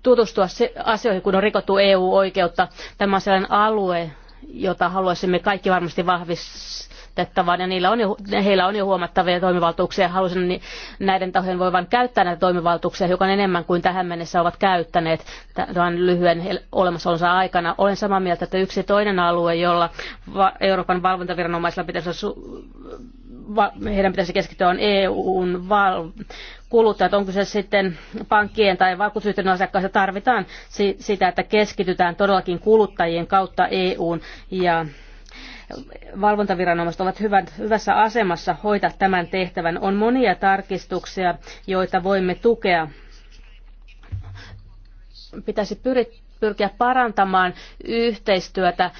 tutustua asioihin, kun on rikottu EU-oikeutta. Tämä on sellainen alue, jota haluaisimme kaikki varmasti vahvistettavan, ja niillä on jo, heillä on jo huomattavia toimivaltuuksia. Haluaisin niin näiden tahojen voivan käyttää näitä toimivaltuuksia hiukan enemmän kuin tähän mennessä ovat käyttäneet tämän lyhyen olemassaolonsa aikana. Olen samaa mieltä, että yksi toinen alue, jolla Euroopan valvontaviranomaisilla pitäisi heidän pitäisi keskittyä on EUn val- kuluttajat, onko se sitten pankkien tai vakuutusyhtiön asiakkaissa, tarvitaan sitä, että keskitytään todellakin kuluttajien kautta EUn ja valvontaviranomaiset ovat hyvän, hyvässä asemassa hoitaa tämän tehtävän. On monia tarkistuksia, joita voimme tukea. Pitäisi pyrittää pyrkiä parantamaan yhteistyötä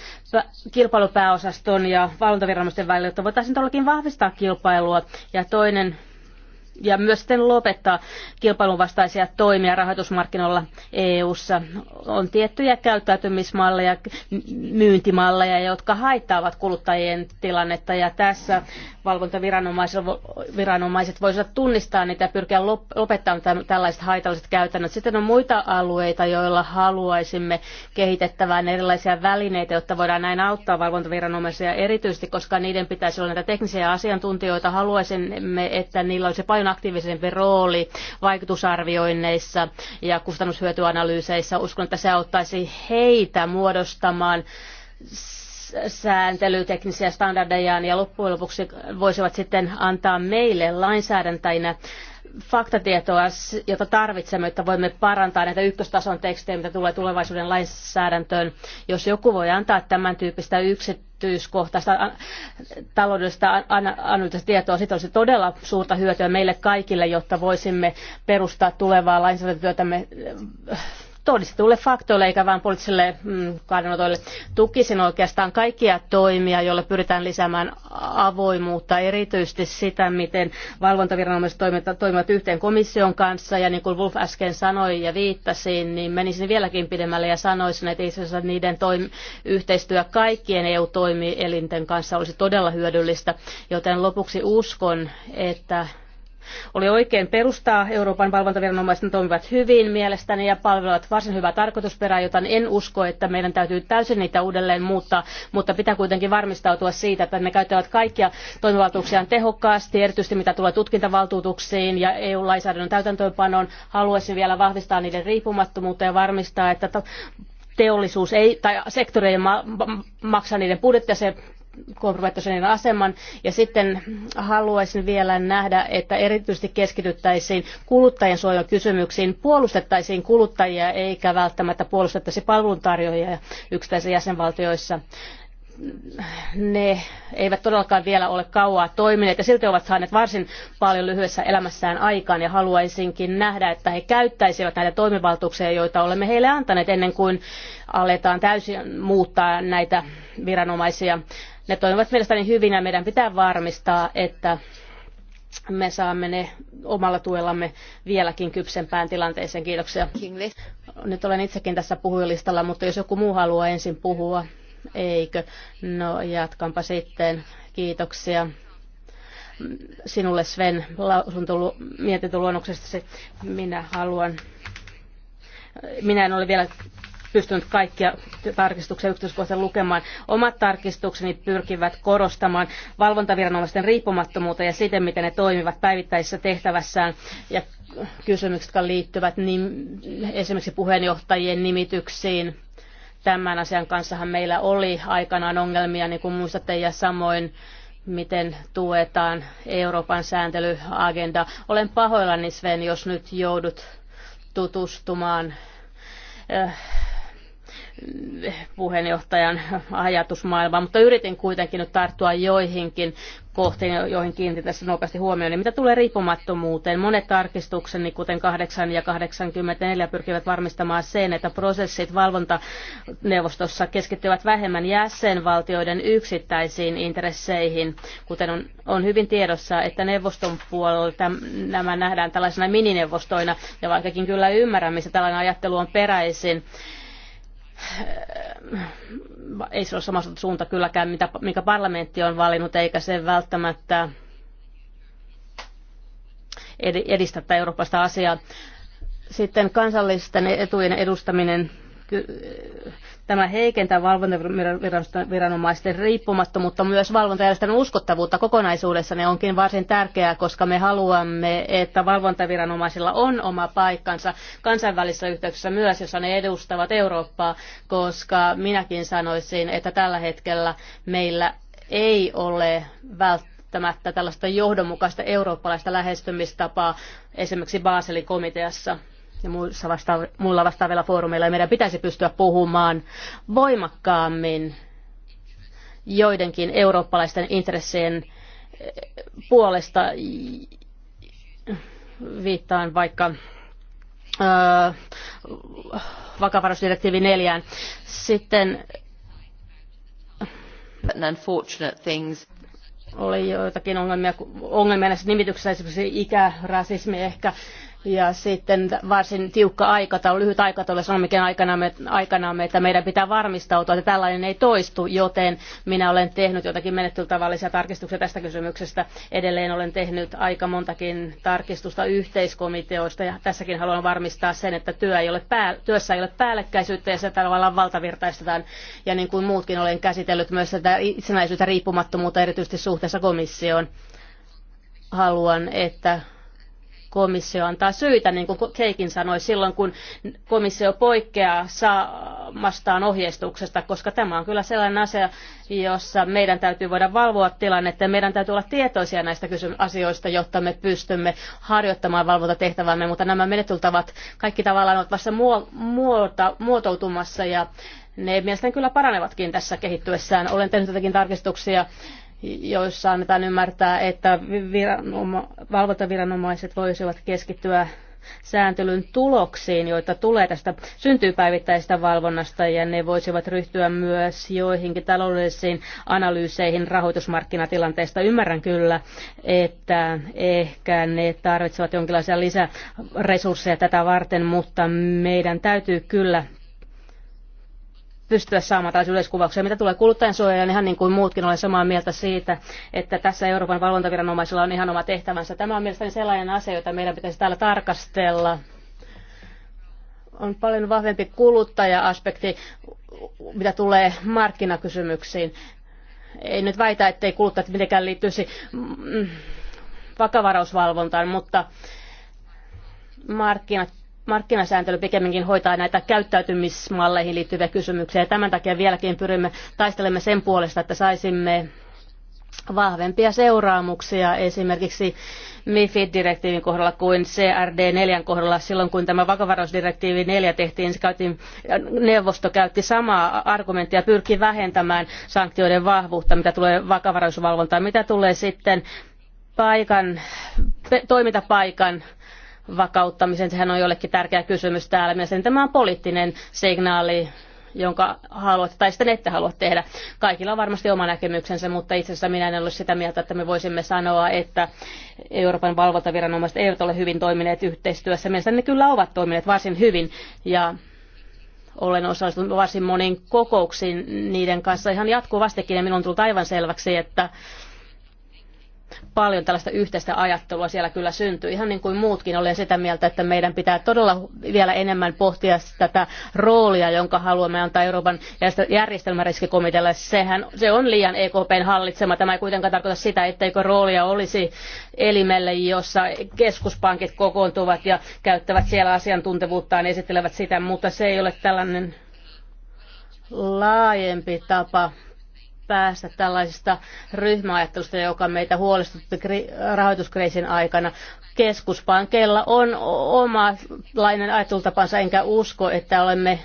kilpailupääosaston ja valvontaviranomaisten välillä, jotta voitaisiin todellakin vahvistaa kilpailua. Ja toinen ja myös sitten lopettaa kilpailun vastaisia toimia rahoitusmarkkinoilla EU-ssa. On tiettyjä käyttäytymismalleja, myyntimalleja, jotka haittaavat kuluttajien tilannetta ja tässä valvontaviranomaiset voisivat tunnistaa niitä ja pyrkiä lopettamaan tällaiset haitalliset käytännöt. Sitten on muita alueita, joilla haluaisimme kehitettävän erilaisia välineitä, jotta voidaan näin auttaa valvontaviranomaisia erityisesti, koska niiden pitäisi olla näitä teknisiä asiantuntijoita. Haluaisimme, että niillä olisi paino paljon aktiivisempi rooli vaikutusarvioinneissa ja kustannushyötyanalyyseissä. Uskon, että se auttaisi heitä muodostamaan sääntelyteknisiä standardejaan ja loppujen lopuksi voisivat sitten antaa meille lainsäädäntäjinä faktatietoa, jota tarvitsemme, että voimme parantaa näitä ykköstason tekstejä, mitä tulee tulevaisuuden lainsäädäntöön. Jos joku voi antaa tämän tyyppistä yksi, yksityiskohtaista taloudellista analyyttistä tietoa. Siitä olisi todella suurta hyötyä meille kaikille, jotta voisimme perustaa tulevaa lainsäädäntötyötämme todistetuille faktoille eikä vain poliittisille mm, kannanotoille. Tukisin oikeastaan kaikkia toimia, joilla pyritään lisäämään avoimuutta, erityisesti sitä, miten valvontaviranomaiset toimivat yhteen komission kanssa. Ja niin kuin Wolf äsken sanoi ja viittasi, niin menisin vieläkin pidemmälle ja sanoisin, että itse asiassa niiden toim- yhteistyö kaikkien EU-toimielinten kanssa olisi todella hyödyllistä. Joten lopuksi uskon, että oli oikein perustaa, Euroopan valvontaviranomaiset toimivat hyvin mielestäni ja palvelevat varsin hyvää tarkoitusperää, jota en usko, että meidän täytyy täysin niitä uudelleen muuttaa, mutta pitää kuitenkin varmistautua siitä, että ne käyttävät kaikkia toimivaltuuksiaan tehokkaasti, erityisesti mitä tulee tutkintavaltuutuksiin ja EU-lainsäädännön täytäntöönpanoon. Haluaisin vielä vahvistaa niiden riippumattomuutta ja varmistaa, että teollisuus ei, tai sektori ei maksa niiden budjettia, se kompromettoisen aseman. Ja sitten haluaisin vielä nähdä, että erityisesti keskityttäisiin kuluttajien suojelukysymyksiin, puolustettaisiin kuluttajia eikä välttämättä puolustettaisi palveluntarjoajia yksittäisissä jäsenvaltioissa ne eivät todellakaan vielä ole kauaa toimineet ja silti ovat saaneet varsin paljon lyhyessä elämässään aikaan ja haluaisinkin nähdä, että he käyttäisivät näitä toimivaltuuksia, joita olemme heille antaneet ennen kuin aletaan täysin muuttaa näitä viranomaisia. Ne toimivat mielestäni hyvin ja meidän pitää varmistaa, että me saamme ne omalla tuellamme vieläkin kypsempään tilanteeseen. Kiitoksia. Nyt olen itsekin tässä puhujalistalla, mutta jos joku muu haluaa ensin puhua, eikö? No jatkanpa sitten. Kiitoksia sinulle Sven mietintöluonnoksestasi. Minä haluan minä en ole vielä pystynyt kaikkia tarkistuksia yksityiskohtaisesti lukemaan. Omat tarkistukseni pyrkivät korostamaan valvontaviranomaisten riippumattomuutta ja siten, miten ne toimivat päivittäisessä tehtävässään ja kysymykset, jotka liittyvät niin, esimerkiksi puheenjohtajien nimityksiin. Tämän asian kanssahan meillä oli aikanaan ongelmia, niin kuin muistatte, ja samoin miten tuetaan Euroopan sääntelyagenda. Olen pahoillani Sven, jos nyt joudut tutustumaan eh, puheenjohtajan ajatusmaailmaa, mutta yritin kuitenkin nyt tarttua joihinkin kohtiin, joihin kiinti tässä nopeasti huomioon. Niin mitä tulee riippumattomuuteen, monet tarkistukseni, kuten 8 ja 84, pyrkivät varmistamaan sen, että prosessit valvontaneuvostossa keskittyvät vähemmän jäsenvaltioiden yksittäisiin intresseihin, kuten on, on hyvin tiedossa, että neuvoston puolella täm, nämä nähdään tällaisena minineuvostoina, ja vaikkakin kyllä ymmärrän, missä tällainen ajattelu on peräisin, ei se ole sama suunta kylläkään, mitä, mikä parlamentti on valinnut, eikä se välttämättä edistä tätä Euroopasta asiaa. Sitten kansallisten etujen edustaminen Tämä heikentää valvontaviranomaisten riippumattomuutta, myös valvontajärjestelmän uskottavuutta kokonaisuudessa. Ne onkin varsin tärkeää, koska me haluamme, että valvontaviranomaisilla on oma paikkansa kansainvälisessä yhteyksessä myös, jossa ne edustavat Eurooppaa, koska minäkin sanoisin, että tällä hetkellä meillä ei ole välttämättä välttämättä tällaista johdonmukaista eurooppalaista lähestymistapaa esimerkiksi Baselin komiteassa ja muissa vasta- muilla vastaavilla foorumeilla. Ja meidän pitäisi pystyä puhumaan voimakkaammin joidenkin eurooppalaisten intressien eh, puolesta. Viittaan vaikka äh, vakavaraisuusdirektiivi neljään. Sitten unfortunate things oli joitakin ongelmia, ongelmia näissä nimityksissä, esimerkiksi ikä, rasismi ehkä ja sitten varsin tiukka aikataulu, lyhyt aikataulu sanomikin aikanamme, aikanamme, että meidän pitää varmistautua, että tällainen ei toistu, joten minä olen tehnyt jotakin menettelytavallisia tarkistuksia tästä kysymyksestä. Edelleen olen tehnyt aika montakin tarkistusta yhteiskomiteoista ja tässäkin haluan varmistaa sen, että työ ei ole pää, työssä ei ole päällekkäisyyttä ja se tavallaan valtavirtaistetaan. Ja niin kuin muutkin olen käsitellyt myös tätä itsenäisyyttä riippumattomuutta erityisesti suhteessa komissioon. Haluan, että komissio antaa syitä, niin kuin Keikin sanoi, silloin kun komissio poikkeaa saamastaan ohjeistuksesta, koska tämä on kyllä sellainen asia, jossa meidän täytyy voida valvoa tilannetta ja meidän täytyy olla tietoisia näistä asioista, jotta me pystymme harjoittamaan valvontatehtävämme, mutta nämä menetultavat kaikki tavallaan ovat vasta muota, muotoutumassa ja ne mielestäni kyllä paranevatkin tässä kehittyessään. Olen tehnyt jotakin tarkistuksia joissa annetaan ymmärtää, että viranoma- valvontaviranomaiset voisivat keskittyä sääntelyn tuloksiin, joita tulee tästä syntyypäivittäisestä valvonnasta, ja ne voisivat ryhtyä myös joihinkin taloudellisiin analyyseihin rahoitusmarkkinatilanteesta. Ymmärrän kyllä, että ehkä ne tarvitsevat jonkinlaisia lisäresursseja tätä varten, mutta meidän täytyy kyllä pystyä saamaan tällaisia yleiskuvauksia. Mitä tulee kuluttajansuojaan, niin ihan niin kuin muutkin olen samaa mieltä siitä, että tässä Euroopan valvontaviranomaisilla on ihan oma tehtävänsä. Tämä on mielestäni sellainen asia, jota meidän pitäisi täällä tarkastella. On paljon vahvempi kuluttaja-aspekti, mitä tulee markkinakysymyksiin. Ei nyt väitä, ettei kuluttajat mitenkään liittyisi mm, vakavarausvalvontaan, mutta markkinat markkinasääntely pikemminkin hoitaa näitä käyttäytymismalleihin liittyviä kysymyksiä. Ja tämän takia vieläkin pyrimme taistelemme sen puolesta, että saisimme vahvempia seuraamuksia esimerkiksi MIFID-direktiivin kohdalla kuin CRD4 kohdalla. Silloin kun tämä vakavaraisuusdirektiivi 4 tehtiin, se käytiin, neuvosto käytti samaa argumenttia ja pyrki vähentämään sanktioiden vahvuutta, mitä tulee vakavaraisuusvalvontaan, mitä tulee sitten paikan, toimintapaikan vakauttamisen. Sehän on jollekin tärkeä kysymys täällä. Mielestäni tämä on poliittinen signaali, jonka haluat tai sitten ette halua tehdä. Kaikilla on varmasti oma näkemyksensä, mutta itse asiassa minä en ole sitä mieltä, että me voisimme sanoa, että Euroopan valvontaviranomaiset eivät ole hyvin toimineet yhteistyössä. Mielestäni ne kyllä ovat toimineet varsin hyvin ja olen osallistunut varsin moniin kokouksiin niiden kanssa ihan jatkuvastikin ja minun on tullut aivan selväksi, että paljon tällaista yhteistä ajattelua siellä kyllä syntyy. Ihan niin kuin muutkin olen sitä mieltä, että meidän pitää todella vielä enemmän pohtia tätä roolia, jonka haluamme antaa Euroopan järjestelmäriskikomitealle. Sehän se on liian EKPn hallitsema. Tämä ei kuitenkaan tarkoita sitä, etteikö roolia olisi elimelle, jossa keskuspankit kokoontuvat ja käyttävät siellä asiantuntevuuttaan, esittelevät sitä, mutta se ei ole tällainen laajempi tapa päästä tällaisesta ryhmäajattelusta, joka meitä huolestutti rahoituskriisin aikana. Keskuspankeilla on omalainen ajattelutapansa, enkä usko, että olemme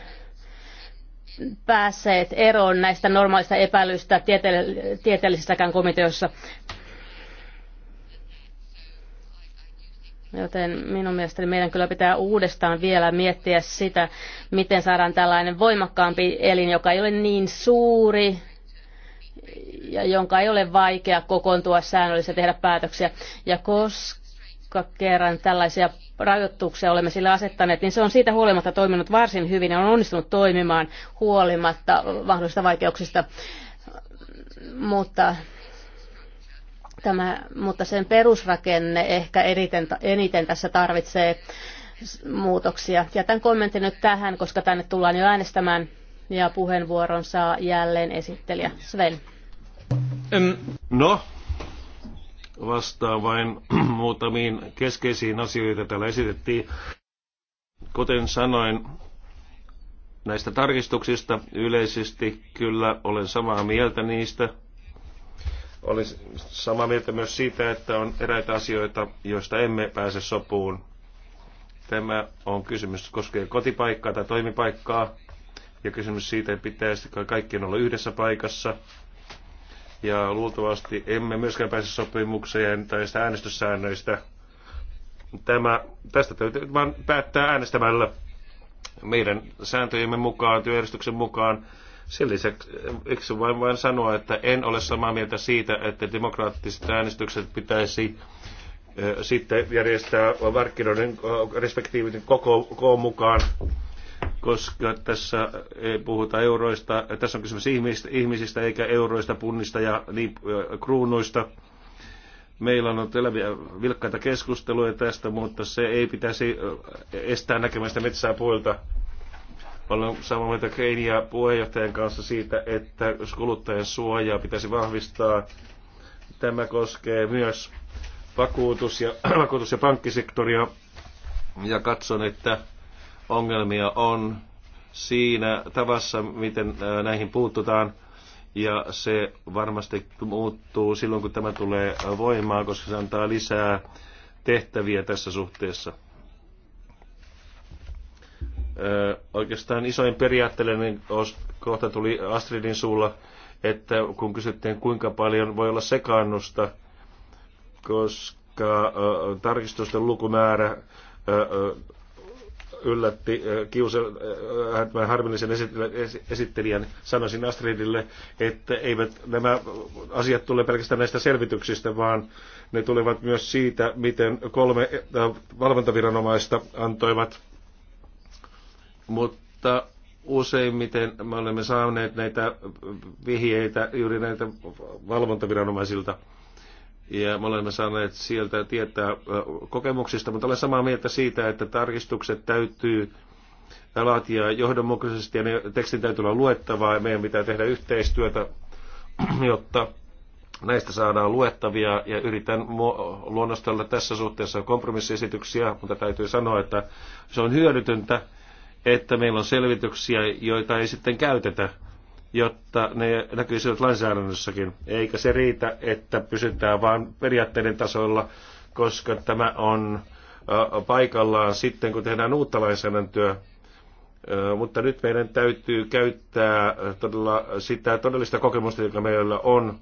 päässeet eroon näistä normaalista epäilyistä tiete- tieteellisissäkään komiteoissa. Joten minun mielestäni meidän kyllä pitää uudestaan vielä miettiä sitä, miten saadaan tällainen voimakkaampi elin, joka ei ole niin suuri, ja jonka ei ole vaikea kokoontua säännöllisesti tehdä päätöksiä. Ja koska kerran tällaisia rajoituksia olemme sille asettaneet, niin se on siitä huolimatta toiminut varsin hyvin ja on onnistunut toimimaan huolimatta mahdollisista vaikeuksista. Mutta tämä, mutta sen perusrakenne ehkä eniten tässä tarvitsee muutoksia. Jätän kommentin nyt tähän, koska tänne tullaan jo äänestämään ja puheenvuoron saa jälleen esittelijä Sven. No, vastaan vain muutamiin keskeisiin asioihin, joita täällä esitettiin. Kuten sanoin, näistä tarkistuksista yleisesti kyllä olen samaa mieltä niistä. Olen samaa mieltä myös siitä, että on eräitä asioita, joista emme pääse sopuun. Tämä on kysymys, koskee kotipaikkaa tai toimipaikkaa ja kysymys siitä, että pitäisikö kaikkien olla yhdessä paikassa – ja luultavasti emme myöskään pääse sopimukseen tai äänestyssäännöistä. Tämä, tästä täytyy vain päättää äänestämällä meidän sääntöjemme mukaan, työjärjestyksen mukaan. Sen lisäksi eh, eikö vain, vain sanoa, että en ole samaa mieltä siitä, että demokraattiset äänestykset pitäisi eh, sitten järjestää markkinoiden eh, respektiivisen koko, koko mukaan koska tässä ei puhuta euroista, tässä on kysymys ihmisistä, ihmisistä eikä euroista, punnista ja niin, kruunuista. Meillä on ollut eläviä vilkkaita keskusteluja tästä, mutta se ei pitäisi estää näkemästä metsää puolta. Olen samaa mieltä Keiniä puheenjohtajan kanssa siitä, että kuluttajan suojaa pitäisi vahvistaa. Tämä koskee myös vakuutus- ja, vakuutus- ja pankkisektoria. Ja katson, että ongelmia on siinä tavassa, miten äh, näihin puuttutaan. Ja se varmasti muuttuu silloin, kun tämä tulee voimaan, koska se antaa lisää tehtäviä tässä suhteessa. Äh, oikeastaan isoin periaatteellinen kohta tuli Astridin suulla, että kun kysyttiin kuinka paljon voi olla sekaannusta, koska äh, tarkistusten lukumäärä yllätti äh, kiusa, äh, äh, tämän harmillisen esittelijän, sanoisin Astridille, että eivät nämä asiat tule pelkästään näistä selvityksistä, vaan ne tulevat myös siitä, miten kolme valvontaviranomaista antoivat. Mutta useimmiten me olemme saaneet näitä vihjeitä juuri näitä valvontaviranomaisilta ja me olemme saaneet sieltä tietää kokemuksista, mutta olen samaa mieltä siitä, että tarkistukset täytyy laatia johdonmukaisesti ja ne tekstin täytyy olla luettavaa ja meidän pitää tehdä yhteistyötä, jotta näistä saadaan luettavia ja yritän luonnostella tässä suhteessa kompromissiesityksiä, mutta täytyy sanoa, että se on hyödytöntä, että meillä on selvityksiä, joita ei sitten käytetä jotta ne näkyisivät lainsäädännössäkin. Eikä se riitä, että pysytään vain periaatteiden tasolla, koska tämä on paikallaan sitten, kun tehdään uutta lainsäädäntöä. Mutta nyt meidän täytyy käyttää todella sitä todellista kokemusta, joka meillä on.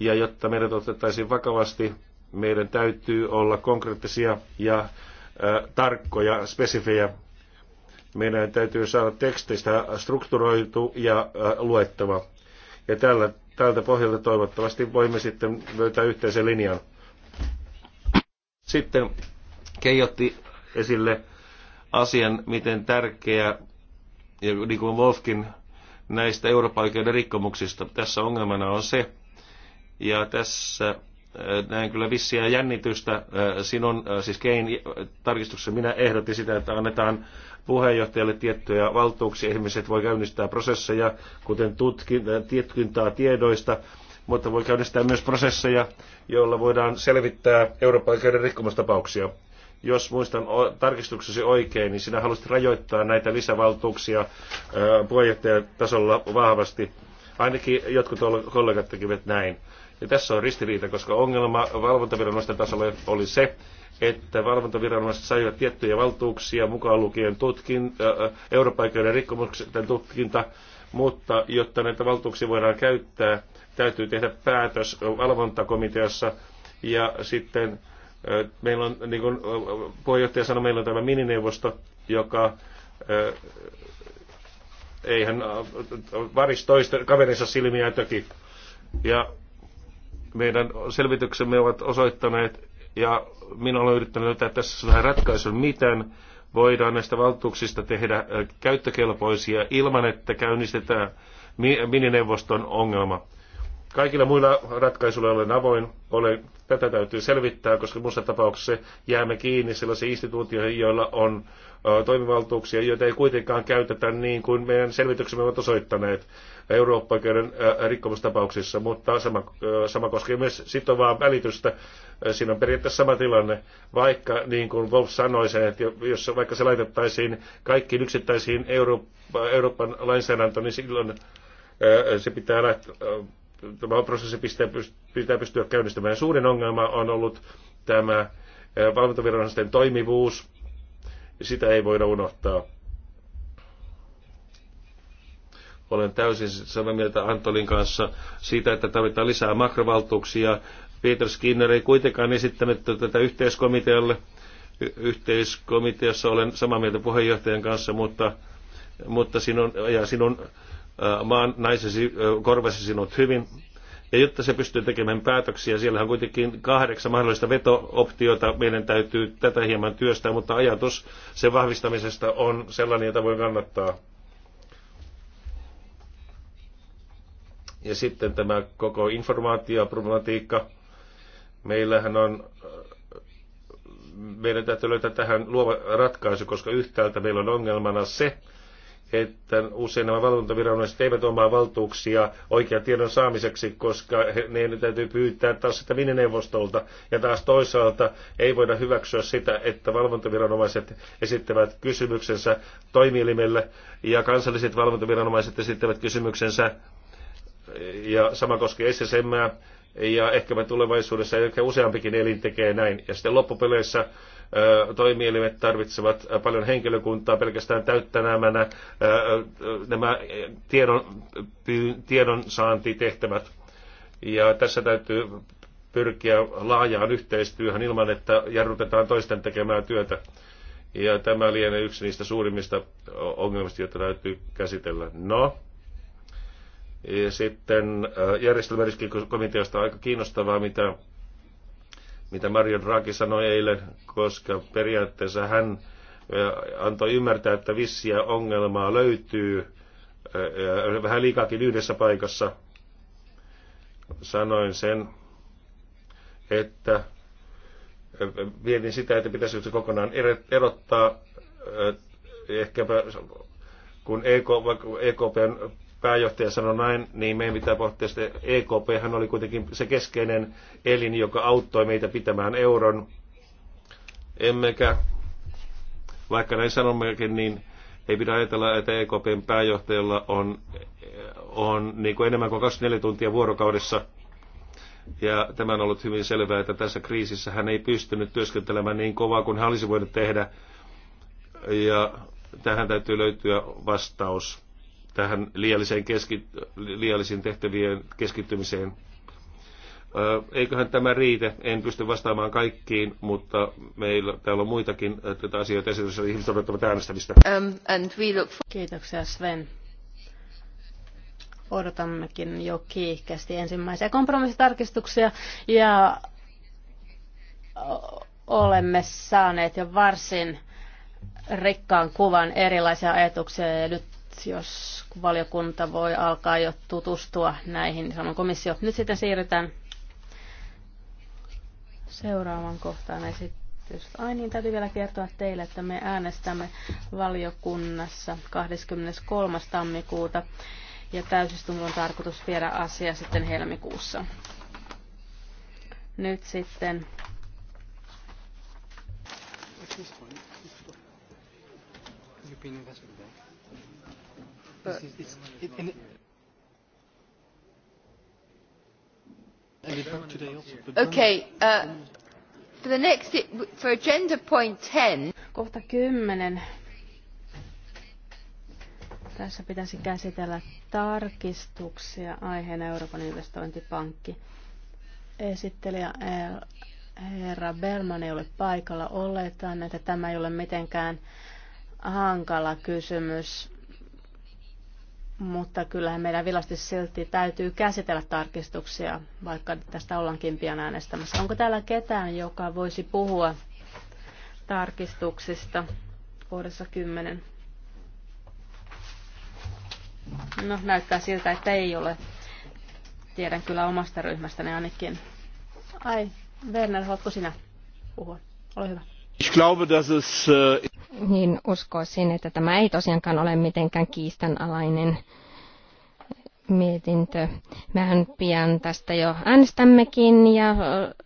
Ja jotta meidät otettaisiin vakavasti, meidän täytyy olla konkreettisia ja tarkkoja, spesifejä meidän täytyy saada tekstistä strukturoitu ja äh, luettava. Ja tällä, tältä pohjalta toivottavasti voimme sitten löytää yhteisen linjan. Sitten Keijotti esille asian, miten tärkeä, ja niin kuin Wolfkin näistä Euroopan oikeuden rikkomuksista. Tässä ongelmana on se, ja tässä näen kyllä vissiä jännitystä. Sinun siis Kein tarkistuksessa minä ehdotin sitä, että annetaan puheenjohtajalle tiettyjä valtuuksia. Ihmiset voi käynnistää prosesseja, kuten tutkintaa tiedoista, mutta voi käynnistää myös prosesseja, joilla voidaan selvittää Euroopan oikeuden rikkomustapauksia. Jos muistan tarkistuksesi oikein, niin sinä halusit rajoittaa näitä lisävaltuuksia puheenjohtajatasolla vahvasti. Ainakin jotkut kollegat tekivät näin. Ja tässä on ristiriita, koska ongelma valvontaviranomaisten tasolla oli se, että valvontaviranomaiset saivat tiettyjä valtuuksia, mukaan lukien tutkin, äh, Euroopan rikkomuksen tutkinta, mutta jotta näitä valtuuksia voidaan käyttää, täytyy tehdä päätös valvontakomiteassa ja sitten äh, meillä on, niin kuin puheenjohtaja sanoi, meillä on tämä minineuvosto, joka äh, eihän varis toista kaverinsa silmiä toki. Ja meidän selvityksemme ovat osoittaneet, ja minä olen yrittänyt löytää tässä vähän ratkaisun, miten voidaan näistä valtuuksista tehdä käyttökelpoisia ilman, että käynnistetään minineuvoston ongelma. Kaikilla muilla ratkaisuilla olen avoin. Olen, tätä täytyy selvittää, koska muussa tapauksessa jäämme kiinni sellaisiin instituutioihin, joilla on toimivaltuuksia, joita ei kuitenkaan käytetä niin kuin meidän selvityksemme ovat osoittaneet Eurooppa-oikeuden rikkomustapauksissa, mutta sama, sama koskee myös sitovaa välitystä. Siinä on periaatteessa sama tilanne, vaikka niin kuin Wolf sanoi sen, että jos vaikka se laitettaisiin kaikkiin yksittäisiin Eurooppa, Euroopan lainsäädäntöön, niin silloin se pitää lähteä, tämä prosessi pitää, pitää pystyä käynnistämään. Suurin ongelma on ollut tämä valvontaviranomaisten toimivuus, sitä ei voida unohtaa. Olen täysin samaa mieltä Antolin kanssa siitä, että tarvitaan lisää makrovaltuuksia. Peter Skinner ei kuitenkaan esittänyt tätä yhteiskomitealle. Yhteiskomiteassa olen samaa mieltä puheenjohtajan kanssa, mutta, mutta sinun, ja sinun maan naisesi korvasi sinut hyvin ja jotta se pystyy tekemään päätöksiä, siellä on kuitenkin kahdeksan mahdollista veto-optiota. Meidän täytyy tätä hieman työstää, mutta ajatus sen vahvistamisesta on sellainen, jota voi kannattaa. Ja sitten tämä koko informaatioproblematiikka. Meillähän on, meidän täytyy löytää tähän luova ratkaisu, koska yhtäältä meillä on ongelmana se, että usein nämä valvontaviranomaiset eivät omaa valtuuksia oikean tiedon saamiseksi, koska ne täytyy pyytää taas sitä minineuvostolta. Ja taas toisaalta ei voida hyväksyä sitä, että valvontaviranomaiset esittävät kysymyksensä toimielimelle ja kansalliset valvontaviranomaiset esittävät kysymyksensä ja sama koskee SSM ja ehkäpä tulevaisuudessa ehkä useampikin elin tekee näin. Ja sitten loppupeleissä toimielimet tarvitsevat paljon henkilökuntaa pelkästään täyttämään nämä tiedon, tiedonsaantitehtävät. Ja tässä täytyy pyrkiä laajaan yhteistyöhön ilman, että jarrutetaan toisten tekemää työtä. Ja tämä lienee yksi niistä suurimmista ongelmista, joita täytyy käsitellä. No, ja sitten järjestelmäriskikomiteasta aika kiinnostavaa, mitä mitä Mario Draghi sanoi eilen, koska periaatteessa hän antoi ymmärtää, että vissiä ongelmaa löytyy vähän liikakin yhdessä paikassa. Sanoin sen, että mietin sitä, että pitäisi se kokonaan erottaa. Ehkäpä kun on e pääjohtaja sanoi näin, niin meidän pitää pohtia sitä. EKP hän oli kuitenkin se keskeinen elin, joka auttoi meitä pitämään euron. Emmekä, vaikka näin sanommekin, niin ei pidä ajatella, että EKPn pääjohtajalla on, on niin kuin enemmän kuin 24 tuntia vuorokaudessa. Ja tämä on ollut hyvin selvää, että tässä kriisissä hän ei pystynyt työskentelemään niin kovaa kuin hän olisi voinut tehdä. Ja tähän täytyy löytyä vastaus tähän liialliseen keski, liiallisiin tehtävien keskittymiseen. Eiköhän tämä riitä. En pysty vastaamaan kaikkiin, mutta meillä täällä on muitakin tätä asioita esityksessä. Ihmiset odottavat äänestämistä. Um, and we look for... Kiitoksia Sven. Odotammekin jo kiihkeästi ensimmäisiä kompromissitarkistuksia ja olemme saaneet jo varsin rikkaan kuvan erilaisia ajatuksia ja nyt jos valiokunta voi alkaa jo tutustua näihin, niin sanon komissio. Nyt sitten siirrytään seuraavan kohtaan esitys. Ai niin, täytyy vielä kertoa teille, että me äänestämme valiokunnassa 23. tammikuuta ja täysistunto on tarkoitus viedä asia sitten helmikuussa. Nyt sitten European Okei, Okay, uh, for the next, for agenda point 10. Kohta 10. Tässä pitäisi käsitellä tarkistuksia aiheena Euroopan investointipankki. Esittelijä eh, herra Berman ei ole paikalla. Oletan, että tämä ei ole mitenkään hankala kysymys mutta kyllähän meidän vilasti silti täytyy käsitellä tarkistuksia, vaikka tästä ollaankin pian äänestämässä. Onko täällä ketään, joka voisi puhua tarkistuksista kohdassa 10? No, näyttää siltä, että ei ole. Tiedän kyllä omasta ryhmästäni ainakin. Ai, Werner, haluatko sinä puhua? Ole hyvä. Äh, niin uskoisin, että tämä ei tosiaankaan ole mitenkään kiistanalainen mietintö. Mehän pian tästä jo äänestämmekin ja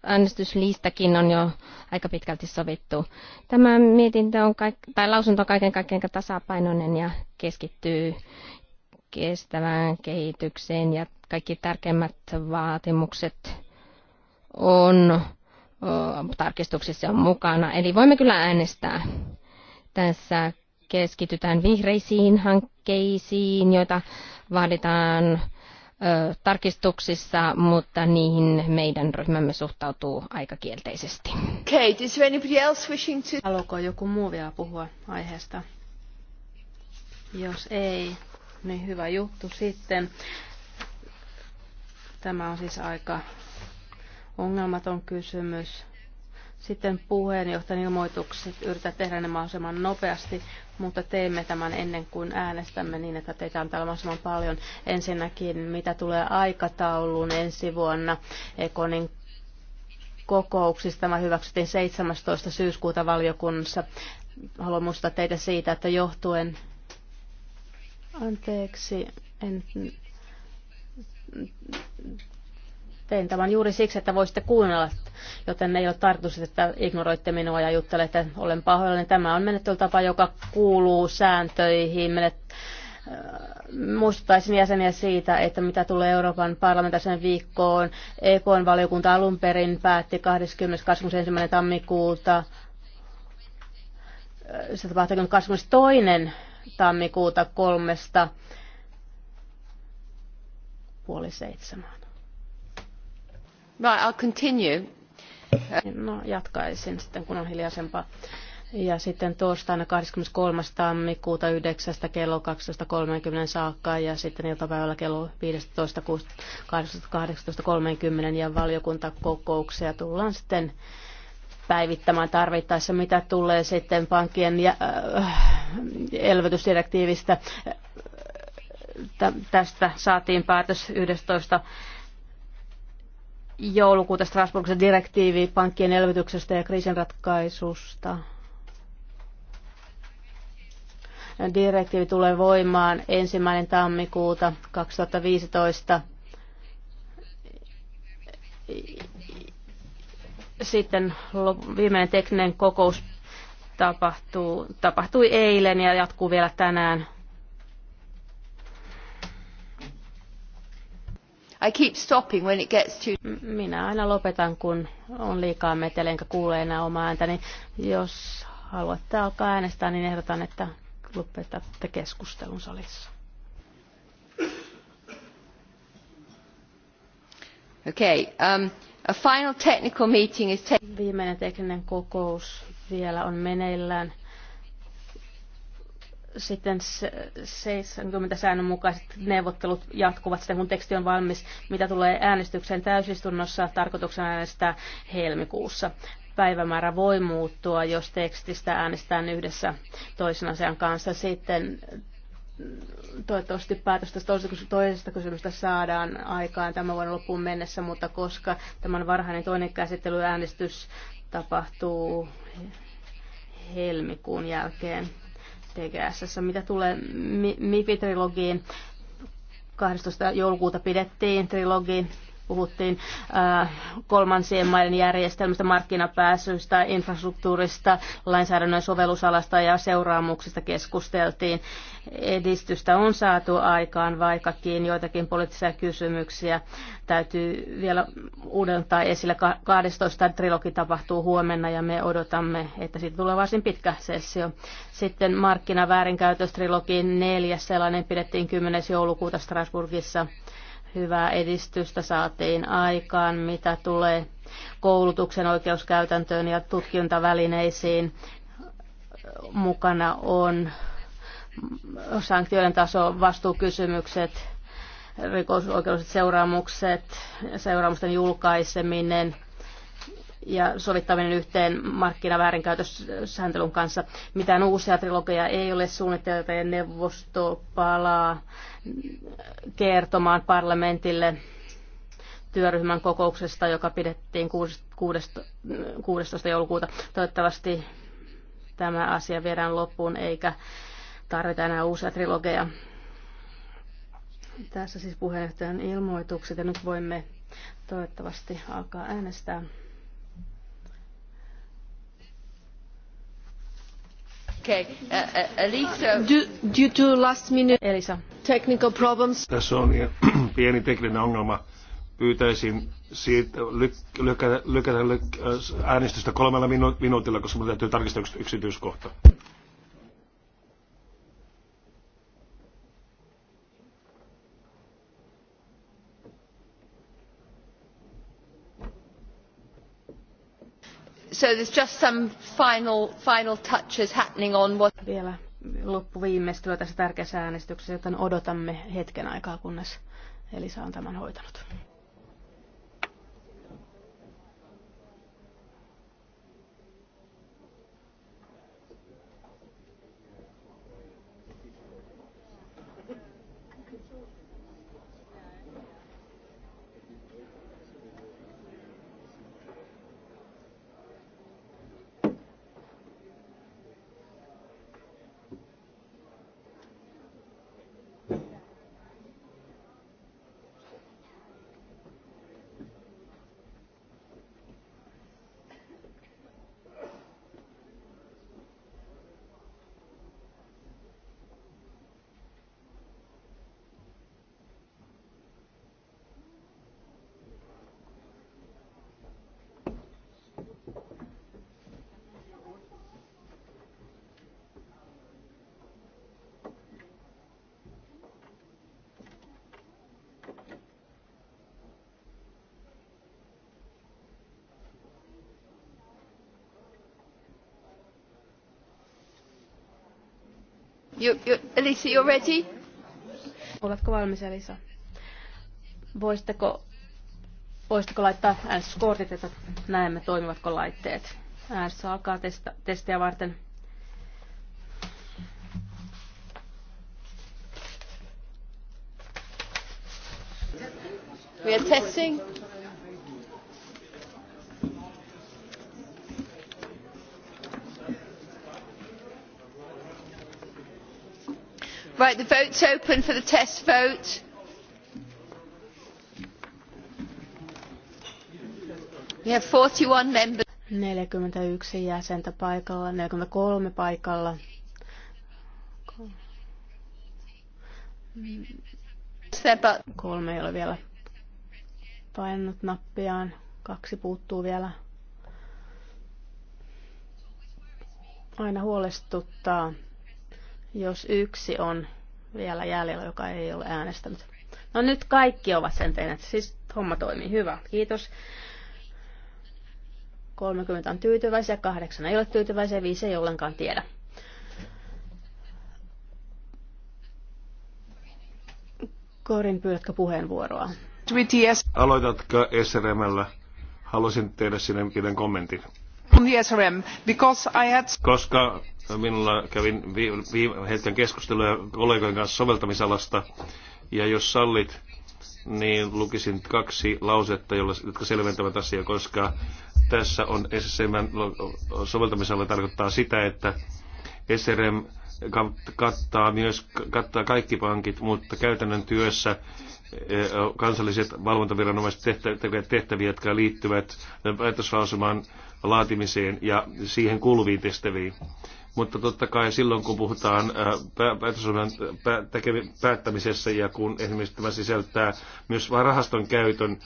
äänestyslistakin on jo aika pitkälti sovittu. Tämä mietintö on kaik- tai lausunto on kaiken kaiken tasapainoinen ja keskittyy kestävään kehitykseen ja kaikki tärkeimmät vaatimukset on tarkistuksissa on mukana. Eli voimme kyllä äänestää. Tässä keskitytään vihreisiin hankkeisiin, joita vaaditaan tarkistuksissa, mutta niihin meidän ryhmämme suhtautuu aika kielteisesti. Okay, is there anybody else wishing to... Haluaako joku muu vielä puhua aiheesta? Jos ei, niin hyvä juttu sitten. Tämä on siis aika ongelmaton kysymys. Sitten puheenjohtajan ilmoitukset. yritetään tehdä ne mahdollisimman nopeasti, mutta teemme tämän ennen kuin äänestämme niin, että teitä on täällä mahdollisimman paljon. Ensinnäkin, mitä tulee aikatauluun ensi vuonna Ekonin kokouksista. Tämä hyväksyttiin 17. syyskuuta valiokunnassa. Haluan muistaa teitä siitä, että johtuen... Anteeksi, en Tein tämän juuri siksi, että voisitte kuunnella, joten ei ole tarkoitus, että ignoroitte minua ja juttelette, että olen pahoillani. Tämä on menettelytapa, joka kuuluu sääntöihin. Menet... Äh, muistuttaisin jäseniä siitä, että mitä tulee Euroopan parlamentaarisen viikkoon. EKn valiokunta alun perin päätti 20. 21. tammikuuta. Äh, se tapahtui 22. tammikuuta kolmesta puoli seitsemään continue. No, jatkaisin sitten, kun on hiljaisempaa. Ja sitten torstaina 23. tammikuuta 9. kello 12.30 saakka ja sitten iltapäivällä kello 15.18.30 ja valiokuntakokouksia tullaan sitten päivittämään tarvittaessa, mitä tulee sitten pankkien ja, äh, elvytysdirektiivistä. Tästä saatiin päätös 11 joulukuuta Strasbourgissa direktiivi pankkien elvytyksestä ja kriisinratkaisusta. Direktiivi tulee voimaan ensimmäinen tammikuuta 2015. Sitten viimeinen tekninen kokous tapahtuu, tapahtui eilen ja jatkuu vielä tänään I keep stopping when it gets too... Minä aina lopetan, kun on liikaa meteliä, enkä kuule enää omaa ääntäni. Niin jos haluatte alkaa äänestää, niin ehdotan, että lopetatte keskustelun salissa. Okay, um, a final technical meeting is... Viimeinen tekninen kokous vielä on meneillään sitten 70 säännön mukaiset neuvottelut jatkuvat sitten, kun teksti on valmis, mitä tulee äänestykseen täysistunnossa tarkoituksena äänestää helmikuussa. Päivämäärä voi muuttua, jos tekstistä äänestään yhdessä toisen asian kanssa. Sitten toivottavasti päätös tästä toisesta kysymystä saadaan aikaan tämän vuoden loppuun mennessä, mutta koska tämän varhainen toinen käsittelyäänestys tapahtuu helmikuun jälkeen. TGSssä. Mitä tulee MIFI-trilogiin, 12. joulukuuta pidettiin trilogi puhuttiin äh, kolmansien maiden järjestelmistä, markkinapääsyistä, infrastruktuurista, lainsäädännön sovellusalasta ja seuraamuksista keskusteltiin. Edistystä on saatu aikaan, vaikkakin joitakin poliittisia kysymyksiä täytyy vielä uudeltaa esille. 12. trilogi tapahtuu huomenna ja me odotamme, että siitä tulee varsin pitkä sessio. Sitten markkinaväärinkäytöstrilogi neljäs sellainen pidettiin 10. joulukuuta Strasbourgissa hyvää edistystä saatiin aikaan, mitä tulee koulutuksen oikeuskäytäntöön ja tutkintavälineisiin. Mukana on sanktioiden taso, vastuukysymykset, rikosoikeudelliset seuraamukset, seuraamusten julkaiseminen, ja sovittaminen yhteen markkinaväärinkäytössääntelyn kanssa. Mitään uusia trilogeja ei ole suunniteltu ja neuvosto palaa kertomaan parlamentille työryhmän kokouksesta, joka pidettiin 16. joulukuuta. Toivottavasti tämä asia viedään loppuun eikä tarvita enää uusia trilogeja. Tässä siis puheenjohtajan ilmoitukset ja nyt voimme toivottavasti alkaa äänestää. Uh, uh, due, to last minute technical problems. Tässä on pieni tekninen ongelma. Pyytäisin siitä lykätä, äänestystä kolmella minuutilla, koska minun täytyy tarkistaa yksi yksityiskohta. so just some final, final touches happening on what... Vielä loppuviimeistelyä tässä tärkeässä äänestyksessä, joten odotamme hetken aikaa, kunnes Elisa on tämän hoitanut. You, you, Elisa, you're ready? Oletko valmis, Elisa? Voisitteko, voisitteko laittaa äänestyskortit, että näemme toimivatko laitteet? Äänestys alkaa testa, testiä varten. We are testing. Right, the vote's open for the test vote. We have 41 members. 41 jäsentä paikalla, 43 paikalla. Kolme ei ole vielä painanut nappiaan, kaksi puuttuu vielä. Aina huolestuttaa, jos yksi on vielä jäljellä, joka ei ole äänestänyt. No nyt kaikki ovat sen tehneet, siis homma toimii. Hyvä, kiitos. 30 on tyytyväisiä, 8 ei ole tyytyväisiä, 5 ei ollenkaan tiedä. Korin, pyydätkö puheenvuoroa? Aloitatko SRMllä? Haluaisin tehdä sinne kommentin. Koska minulla kävin viime hetken keskustelua kollegojen kanssa soveltamisalasta, ja jos sallit, niin lukisin kaksi lausetta, jotka selventävät asiaa, koska tässä on SSM soveltamisella tarkoittaa sitä, että SRM kattaa myös kattaa kaikki pankit, mutta käytännön työssä Eh, kansalliset valvontaviranomaiset tehtäviä, tehtäviä jotka liittyvät päätöslausuman laatimiseen ja siihen kuuluviin tehtäviin. Mutta totta kai silloin, kun puhutaan eh, päätöslausuman eh, päättämisessä ja kun esimerkiksi tämä sisältää myös rahaston käytön,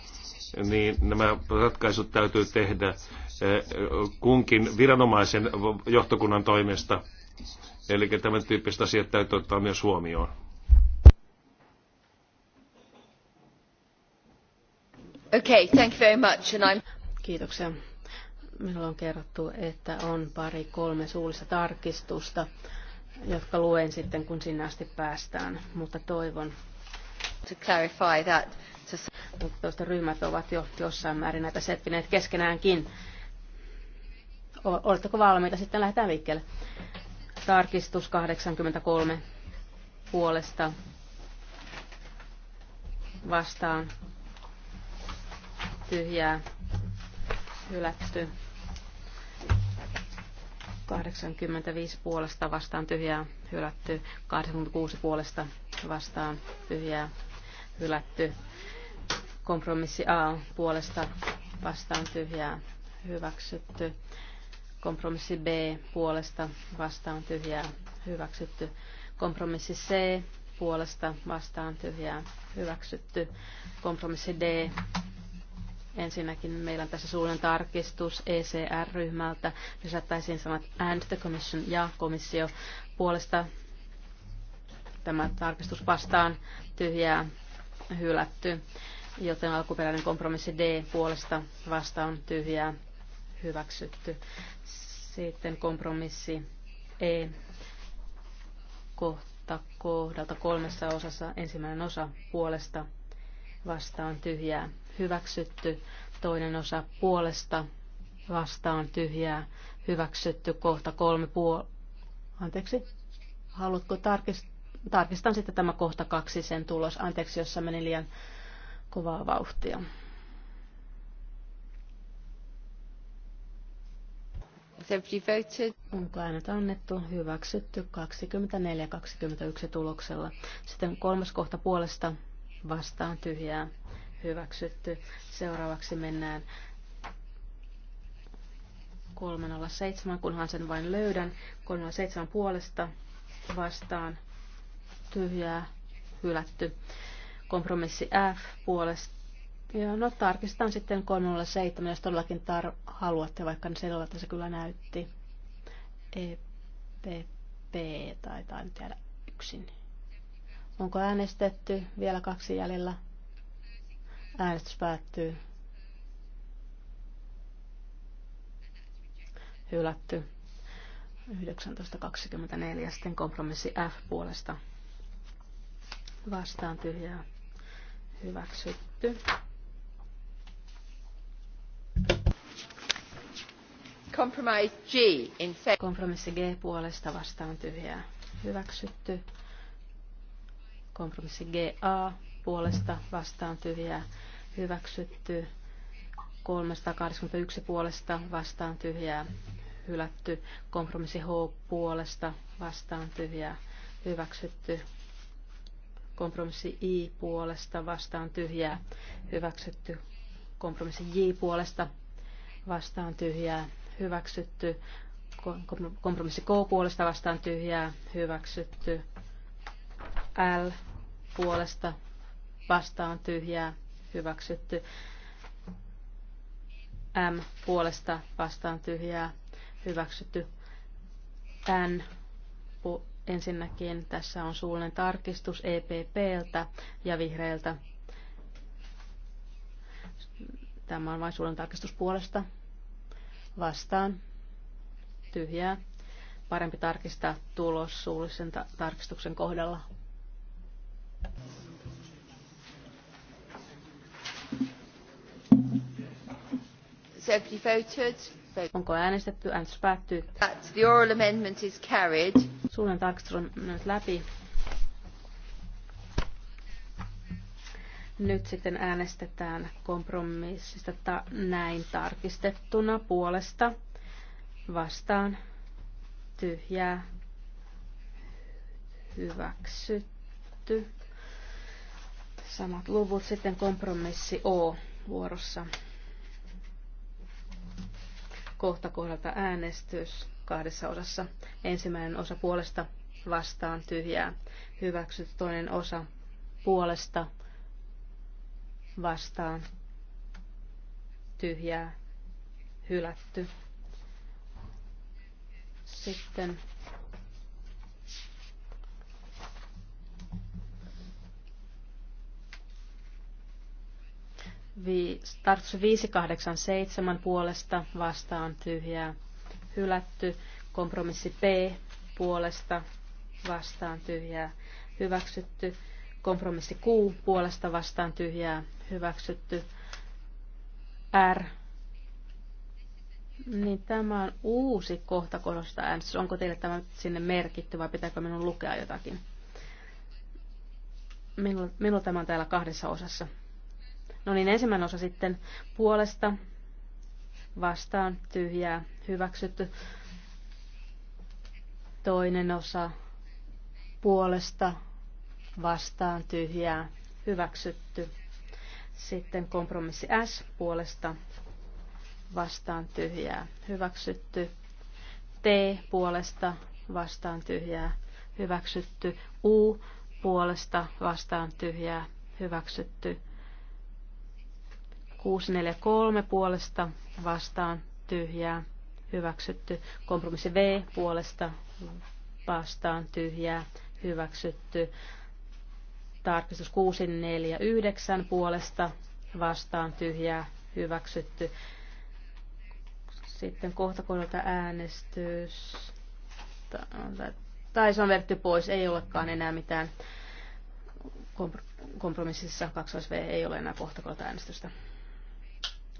niin nämä ratkaisut täytyy tehdä kunkin viranomaisen johtokunnan toimesta. Eli tämän tyyppiset asiat täytyy ottaa myös huomioon. Kiitoksia. Minulle on kerrottu, että on pari kolme suullista tarkistusta, jotka luen sitten, kun sinne asti päästään, mutta toivon. To clarify that. ryhmät ovat jo jossain määrin näitä setvineet keskenäänkin. Oletteko valmiita? Sitten lähdetään liikkeelle. Tarkistus 83 puolesta vastaan tyhjää hylätty. 85 puolesta vastaan tyhjää hylätty. 86 puolesta vastaan tyhjää hylätty. Kompromissi A puolesta vastaan tyhjää hyväksytty. Kompromissi B puolesta vastaan tyhjää hyväksytty. Kompromissi C puolesta vastaan tyhjää hyväksytty. Kompromissi D Ensinnäkin meillä on tässä suullinen tarkistus ECR-ryhmältä. Lisättäisiin sanat and the commission ja komissio puolesta. Tämä tarkistus vastaan tyhjää hylätty, joten alkuperäinen kompromissi D puolesta vastaan tyhjää hyväksytty. Sitten kompromissi E kohta kohdalta kolmessa osassa ensimmäinen osa puolesta vastaan tyhjää hyväksytty, toinen osa puolesta vastaan tyhjää, hyväksytty kohta kolme puol... Anteeksi, haluatko tarkistaa? Tarkistan sitten tämä kohta kaksi sen tulos. Anteeksi, jos meni liian kovaa vauhtia. Onko äänet annettu? Hyväksytty 24-21 tuloksella. Sitten kolmas kohta puolesta vastaan tyhjää hyväksytty. Seuraavaksi mennään 307, kunhan sen vain löydän. 307 puolesta vastaan tyhjää hylätty. Kompromissi F puolesta. Ja no tarkistan sitten 307, jos todellakin tar- haluatte, vaikka niin että se kyllä näytti. EPP tai en tiedä yksin. Onko äänestetty? Vielä kaksi jäljellä. Äänestys päättyy. Hylätty. 19.24. Sitten kompromissi F puolesta. Vastaan tyhjää. Hyväksytty. Compromise G in Kompromissi G puolesta vastaan tyhjää. Hyväksytty. Kompromissi GA puolesta vastaan tyhjää hyväksytty 381 puolesta vastaan tyhjää hylätty, kompromissi H puolesta vastaan tyhjää hyväksytty, kompromissi I puolesta vastaan tyhjää hyväksytty, kompromissi J puolesta vastaan tyhjää hyväksytty, kompromissi K puolesta vastaan tyhjää hyväksytty, L puolesta vastaan tyhjää hyväksytty. M puolesta vastaan tyhjää hyväksytty. N ensinnäkin tässä on suullinen tarkistus EPPltä ja vihreiltä. Tämä on vain suullinen tarkistus puolesta vastaan tyhjää. Parempi tarkistaa tulos suullisen ta- tarkistuksen kohdalla. Onko äänestetty? Äänestys päättyy. The oral amendment is carried. Suunnan on nyt läpi. Nyt sitten äänestetään kompromissista ta- näin tarkistettuna puolesta vastaan tyhjää hyväksytty. Samat luvut sitten kompromissi O vuorossa kohta kohdalta äänestys kahdessa osassa. Ensimmäinen osa puolesta vastaan tyhjää hyväksytty, toinen osa puolesta vastaan tyhjää hylätty. Sitten Tartus 587 puolesta vastaan tyhjää hylätty. Kompromissi P puolesta vastaan tyhjää hyväksytty. Kompromissi Q puolesta vastaan tyhjää hyväksytty. R. Niin tämä on uusi kohta korosta äänestys. Onko teille tämä sinne merkitty vai pitääkö minun lukea jotakin? Minulla, minulla tämä on täällä kahdessa osassa. No niin, ensimmäinen osa sitten puolesta vastaan tyhjää hyväksytty. Toinen osa puolesta vastaan tyhjää hyväksytty. Sitten kompromissi S puolesta vastaan tyhjää hyväksytty. T puolesta vastaan tyhjää hyväksytty. U puolesta vastaan tyhjää hyväksytty. 643 puolesta vastaan tyhjää hyväksytty. Kompromissi V puolesta vastaan tyhjää hyväksytty. Tarkistus 649 puolesta vastaan tyhjää hyväksytty. Sitten kohta kohdalta äänestys. Tai se on vertty pois, ei olekaan enää mitään kompromississa 2V ei ole enää kohtakohta äänestystä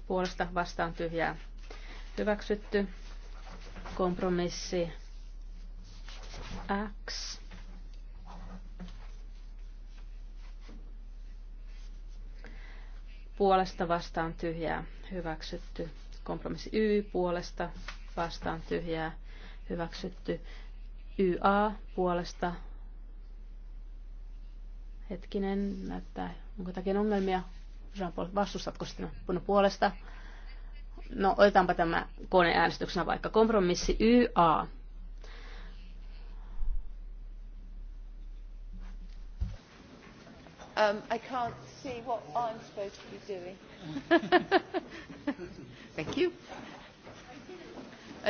puolesta vastaan tyhjää hyväksytty. Kompromissi X. Puolesta vastaan tyhjää hyväksytty. Kompromissi Y puolesta vastaan tyhjää hyväksytty. YA puolesta. Hetkinen, näyttää, onko jotakin ongelmia? Jean-Paul, vastustatko sitä puolesta? No, otetaanpa tämä koneäänestyksenä vaikka. Kompromissi YA. Um, I can't see what I'm supposed to be doing. Thank you.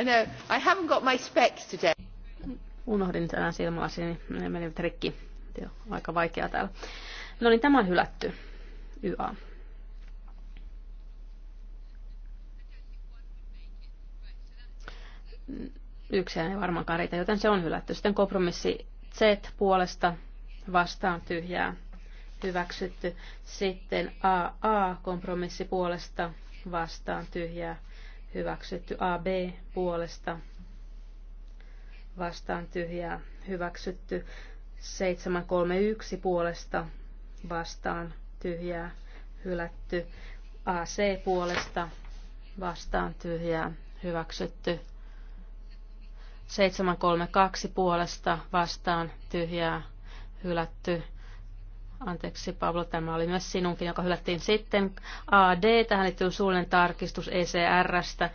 I know, I haven't got my specs today. Unohdin tänään silmälasini, ne niin meni rikki. Aika vaikeaa täällä. No niin, tämä on hylätty. YA. Yksiään ei varmaankaan riitä, joten se on hylätty. Sitten kompromissi Z puolesta vastaan tyhjää hyväksytty. Sitten AA-kompromissi puolesta vastaan tyhjää hyväksytty. AB puolesta vastaan tyhjää hyväksytty. 731 puolesta vastaan tyhjää hylätty. AC puolesta vastaan tyhjää hyväksytty. 732 puolesta vastaan tyhjää hylätty. Anteeksi Pablo, tämä oli myös sinunkin, joka hylättiin sitten. AD, tähän liittyy suullinen tarkistus ECRstä.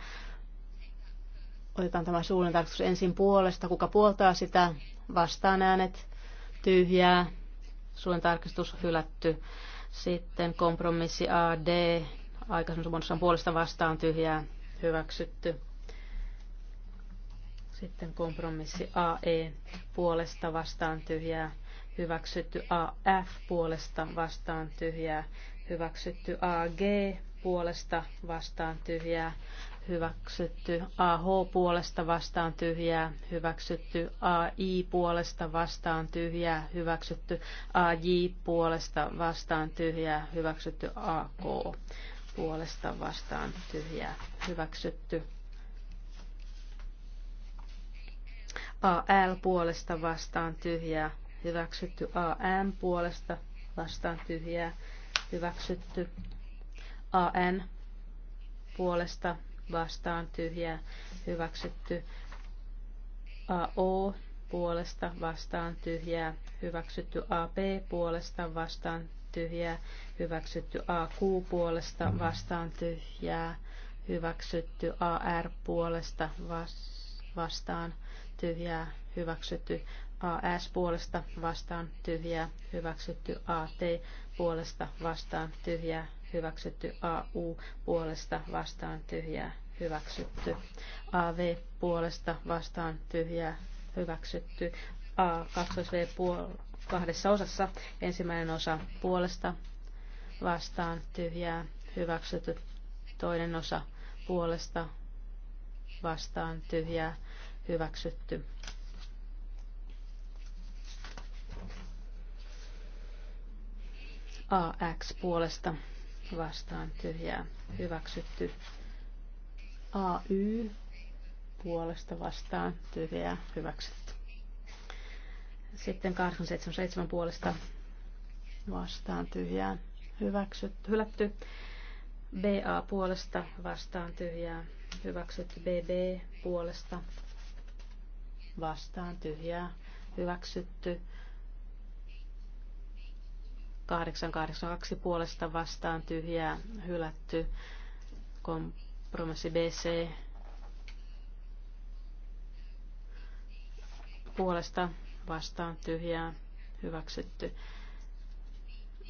Otetaan tämä suullinen tarkistus ensin puolesta. Kuka puoltaa sitä? Vastaan äänet. Tyhjää. Suullinen tarkistus hylätty. Sitten kompromissi AD. Aikaisemmin puolesta vastaan tyhjää. Hyväksytty. Sitten kompromissi AE puolesta vastaan tyhjää, hyväksytty AF puolesta vastaan tyhjää, hyväksytty AG puolesta vastaan tyhjää, hyväksytty AH puolesta vastaan tyhjää, hyväksytty AI puolesta vastaan tyhjää, hyväksytty AJ puolesta vastaan tyhjää, hyväksytty AK puolesta vastaan tyhjää, hyväksytty AL puolesta vastaan tyhjää, hyväksytty AM puolesta vastaan tyhjää, hyväksytty AN puolesta vastaan tyhjää, hyväksytty AO puolesta vastaan tyhjää, hyväksytty AP puolesta vastaan tyhjää, hyväksytty AQ puolesta vastaan tyhjää, hyväksytty AR puolesta vastaan tyhjää hyväksytty AS puolesta vastaan tyhjää hyväksytty AT puolesta vastaan tyhjää hyväksytty AU puolesta vastaan tyhjää hyväksytty AV puolesta vastaan tyhjää hyväksytty A 2 V puol- kahdessa osassa ensimmäinen osa puolesta vastaan tyhjää hyväksytty toinen osa puolesta vastaan tyhjää hyväksytty. AX puolesta vastaan tyhjää hyväksytty. AY puolesta vastaan tyhjää hyväksytty. Sitten 877 puolesta vastaan tyhjää hyväksytty, hylätty. BA puolesta vastaan tyhjää hyväksytty. BB puolesta vastaan tyhjää hyväksytty. 882 puolesta vastaan tyhjää hylätty. Kompromissi BC puolesta vastaan tyhjää hyväksytty.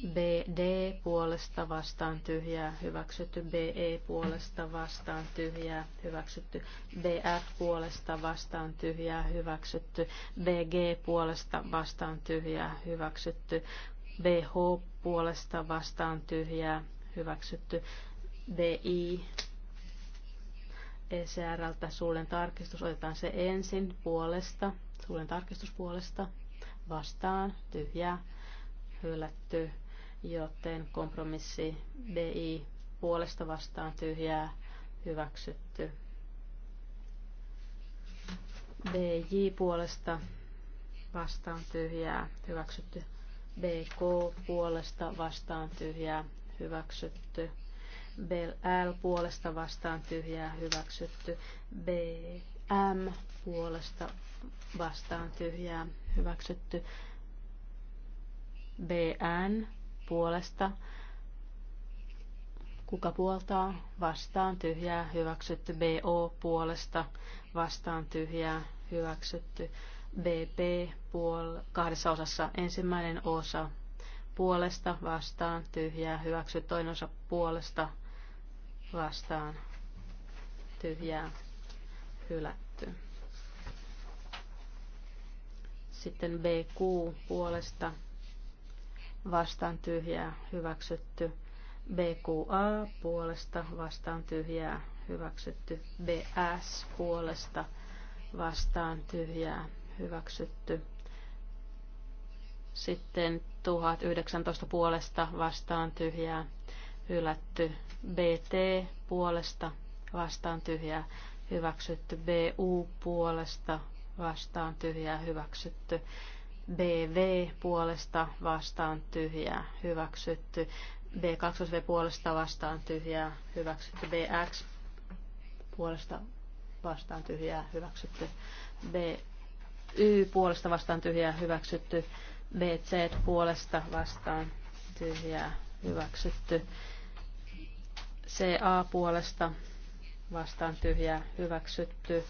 BD puolesta vastaan tyhjää, hyväksytty BE puolesta vastaan tyhjää, hyväksytty BF puolesta vastaan tyhjää, hyväksytty BG puolesta vastaan tyhjää, hyväksytty BH puolesta vastaan tyhjää, hyväksytty BI ECRltä suulen tarkistus, otetaan se ensin puolesta, suulen tarkistus puolesta, vastaan, tyhjää, hylätty joten kompromissi BI puolesta vastaan tyhjää hyväksytty. BJ puolesta vastaan tyhjää hyväksytty. BK puolesta vastaan tyhjää hyväksytty. BL puolesta vastaan tyhjää hyväksytty. BM puolesta vastaan tyhjää hyväksytty. BN puolesta. Kuka puoltaa? Vastaan tyhjää, hyväksytty. BO puolesta, vastaan tyhjää, hyväksytty. BP puol- kahdessa osassa ensimmäinen osa puolesta, vastaan tyhjää, hyväksytty. Toinen osa puolesta, vastaan tyhjää, hylätty. Sitten BQ puolesta, vastaan tyhjää hyväksytty. BQA puolesta vastaan tyhjää hyväksytty. BS puolesta vastaan tyhjää hyväksytty. Sitten 1019 puolesta vastaan tyhjää hylätty. BT puolesta vastaan tyhjää hyväksytty. BU puolesta vastaan tyhjää hyväksytty. BV puolesta vastaan tyhjää hyväksytty. B2V puolesta vastaan tyhjää hyväksytty. BX puolesta vastaan tyhjää hyväksytty. BY puolesta vastaan tyhjää hyväksytty. BC puolesta vastaan tyhjää hyväksytty. CA puolesta vastaan tyhjää hyväksytty.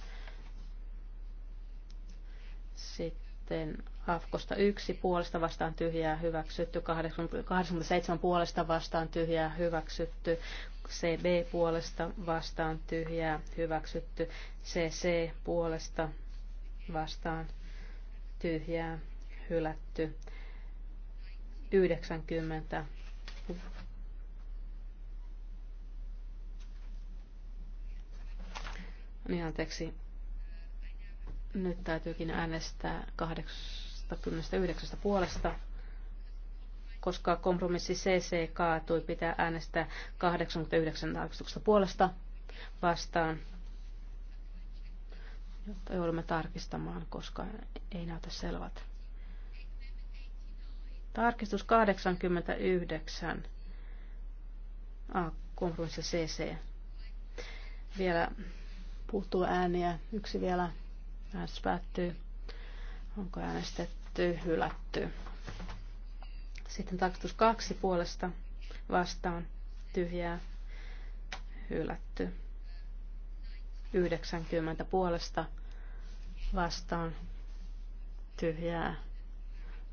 Sitten Afkosta yksi puolesta vastaan tyhjää hyväksytty, 87 puolesta vastaan tyhjää hyväksytty, CB puolesta vastaan tyhjää hyväksytty, CC puolesta vastaan tyhjää hylätty, 90 Niin anteeksi, nyt täytyykin äänestää kahdeksan 29 puolesta. Koska kompromissi CC kaatui, pitää äänestää 89 tarkistuksesta puolesta vastaan, jotta joudumme tarkistamaan, koska ei näytä selvät. Tarkistus 89. A, kompromissi CC. Vielä puuttuu ääniä. Yksi vielä. Äänestys päättyy. Onko äänestetty, hylätty? Sitten tarkoitus kaksi puolesta vastaan tyhjää, hylätty. 90 puolesta vastaan tyhjää,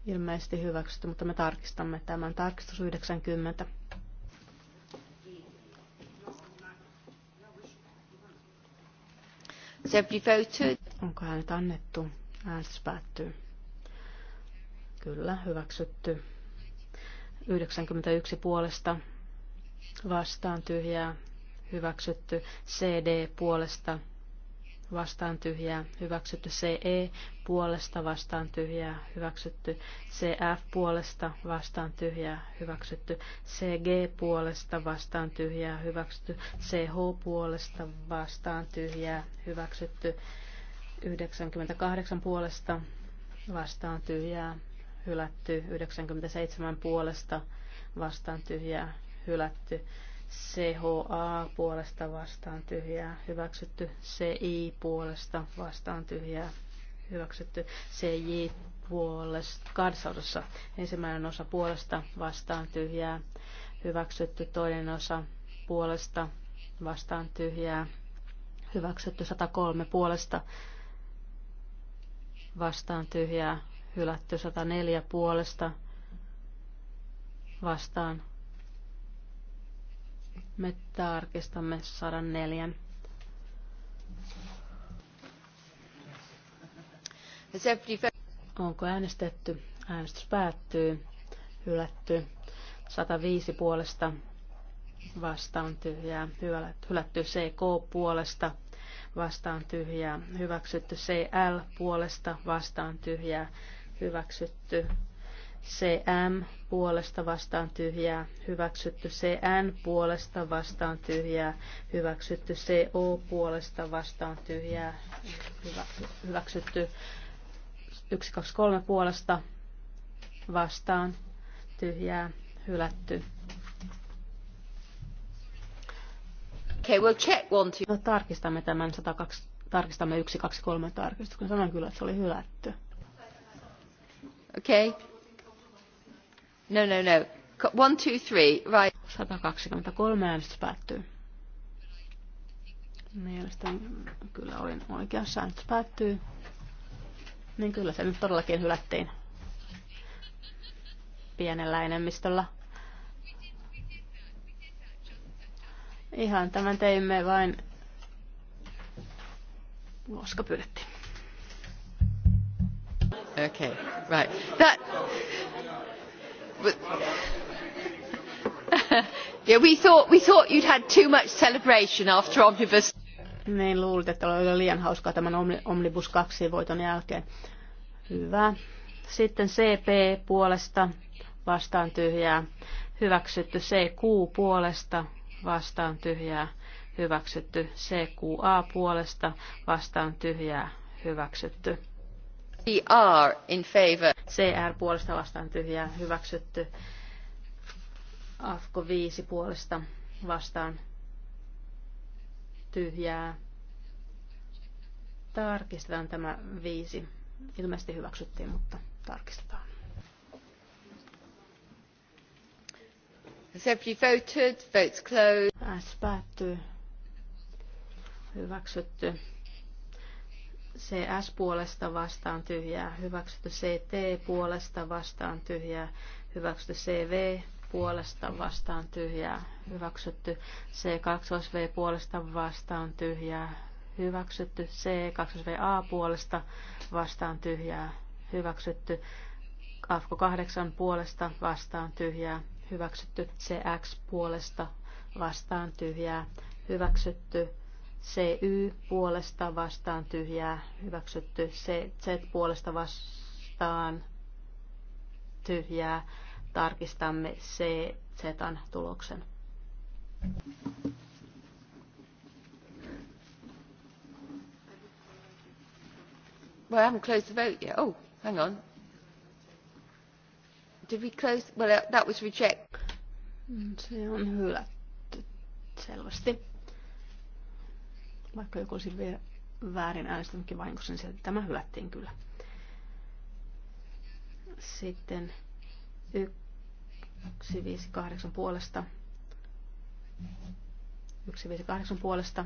ilmeisesti hyväksytty, mutta me tarkistamme tämän. Tarkistus 90. Onko hänet annettu? Äänestys päättyy. Kyllä, hyväksytty. 91 puolesta vastaan tyhjää, hyväksytty. CD puolesta vastaan tyhjää, hyväksytty CE puolesta vastaan tyhjää, hyväksytty CF puolesta vastaan tyhjää, hyväksytty CG puolesta vastaan tyhjää, hyväksytty CH puolesta vastaan tyhjää, hyväksytty 98 puolesta vastaan tyhjää, hylätty. 97 puolesta vastaan tyhjää, hylätty. CHA puolesta vastaan tyhjää, hyväksytty. CI puolesta vastaan tyhjää, hyväksytty. CJ puolesta, kahdessa Ensimmäinen osa puolesta vastaan tyhjää, hyväksytty. Toinen osa puolesta vastaan tyhjää, hyväksytty. 103 puolesta vastaan tyhjää, hylätty 104 puolesta vastaan. Me tarkistamme 104. Onko äänestetty? Äänestys päättyy. Hylätty. 105 puolesta vastaan tyhjää. Hylätty CK puolesta vastaan tyhjää, hyväksytty CL puolesta vastaan tyhjää, hyväksytty CM puolesta vastaan tyhjää, hyväksytty CN puolesta vastaan tyhjää, hyväksytty CO puolesta vastaan tyhjää, hyvä, hyväksytty 123 puolesta vastaan tyhjää, hylätty Okay, we'll check one, two. No, tarkistamme tämän 102, tarkistamme 1, 2, 3 tarkistus, kun Sanoin kyllä, että se oli hylätty. Okei. Okay. No, no, no. One, two, three, right. 123 äänestys päättyy. Mielestäni kyllä olin oikeassa. Äänestys päättyy. Niin kyllä se nyt todellakin hylättiin pienellä enemmistöllä. Ihan tämän teimme vain, koska pyydettiin. Okay, right. That... yeah, we thought, we thought you'd had too much celebration after Omnibus. Niin luulit, että oli liian hauskaa tämän Omnibus 2 voiton jälkeen. Hyvä. Sitten CP puolesta vastaan tyhjää. Hyväksytty CQ puolesta vastaan tyhjää hyväksytty. CQA puolesta vastaan tyhjää hyväksytty. CR in favor. CR puolesta vastaan tyhjää hyväksytty. AFKO 5 puolesta vastaan tyhjää. Tarkistetaan tämä viisi. Ilmeisesti hyväksyttiin, mutta tarkistetaan. Has everybody voted? Votes closed. Äänestys päättyy. Hyväksytty. CS puolesta vastaan tyhjää. Hyväksytty CT puolesta vastaan tyhjää. Hyväksytty CV puolesta vastaan tyhjää. Hyväksytty C2V puolesta vastaan tyhjää. Hyväksytty C2VA puolesta vastaan tyhjää. Hyväksytty AFKO 8 puolesta vastaan tyhjää hyväksytty CX puolesta vastaan tyhjää, hyväksytty CY puolesta vastaan tyhjää, hyväksytty CZ puolesta vastaan tyhjää. Tarkistamme CZ tuloksen. Well, I haven't closed the vote yet. Oh, hang on. Did we close? Well, uh, that was reject. Mm, se on hylätty selvästi. Vaikka joku olisi vielä väärin äänestänytkin vahingossa, niin sieltä tämä hylättiin kyllä. Sitten 158 puolesta. 158 puolesta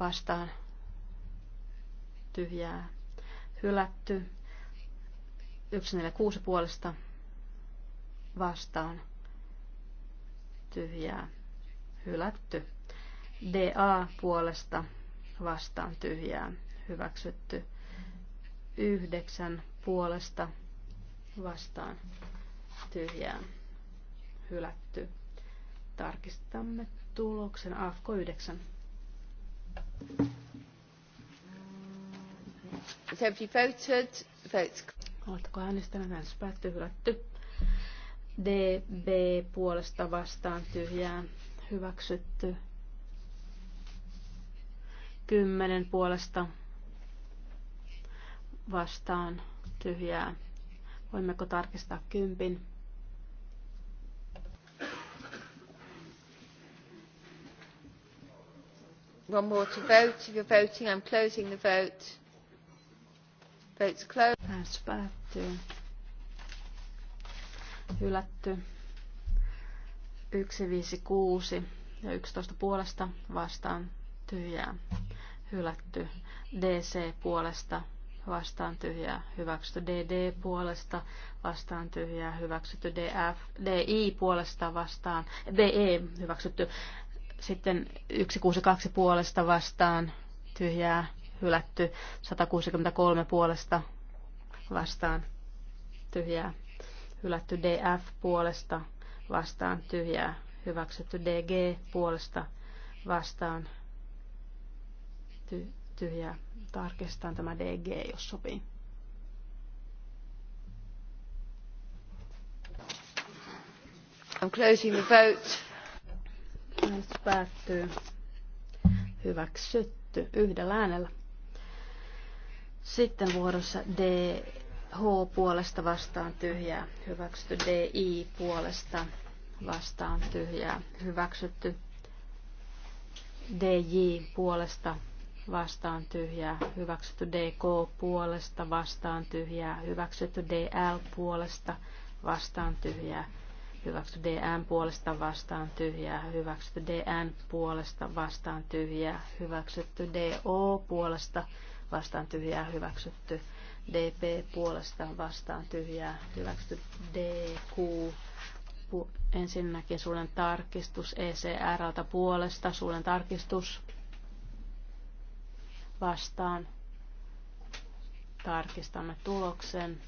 vastaan tyhjää hylätty. 146 puolesta vastaan tyhjää hylätty. DA puolesta vastaan tyhjää hyväksytty. Yhdeksän puolesta vastaan tyhjää hylätty. Tarkistamme tuloksen AFK 9. Oletko äänestänyt? Äänestys päättyy hylätty. DB puolesta vastaan tyhjään hyväksytty. 10 puolesta vastaan tyhjää. Voimmeko tarkistaa kympin? One more to vote. If you're voting, I'm closing the vote. Vote's closed. bad päättyy hylätty 156 ja 11 puolesta vastaan tyhjää hylätty DC puolesta vastaan tyhjää hyväksytty DD puolesta vastaan tyhjää hyväksytty DF, DI puolesta vastaan DE hyväksytty sitten 162 puolesta vastaan tyhjää hylätty 163 puolesta vastaan tyhjää hylätty DF puolesta vastaan tyhjää, hyväksytty DG puolesta vastaan ty- tyhjää. Tarkistetaan tämä DG, jos sopii. I'm closing the vote. Äänestys päättyy. Hyväksytty yhdellä äänellä. Sitten vuorossa D H puolesta vastaan tyhjää, hyväksytty DI puolesta vastaan tyhjää, hyväksytty DJ puolesta vastaan tyhjää, hyväksytty DK puolesta vastaan tyhjää, hyväksytty DL puolesta vastaan tyhjää, hyväksytty DN puolesta vastaan tyhjää, hyväksytty DN puolesta vastaan tyhjää, hyväksytty DO puolesta vastaan tyhjää, hyväksytty DP puolesta vastaan tyhjää hyväksytty DQ ensinnäkin sulen tarkistus ECRltä puolesta sulen tarkistus vastaan tarkistamme tuloksen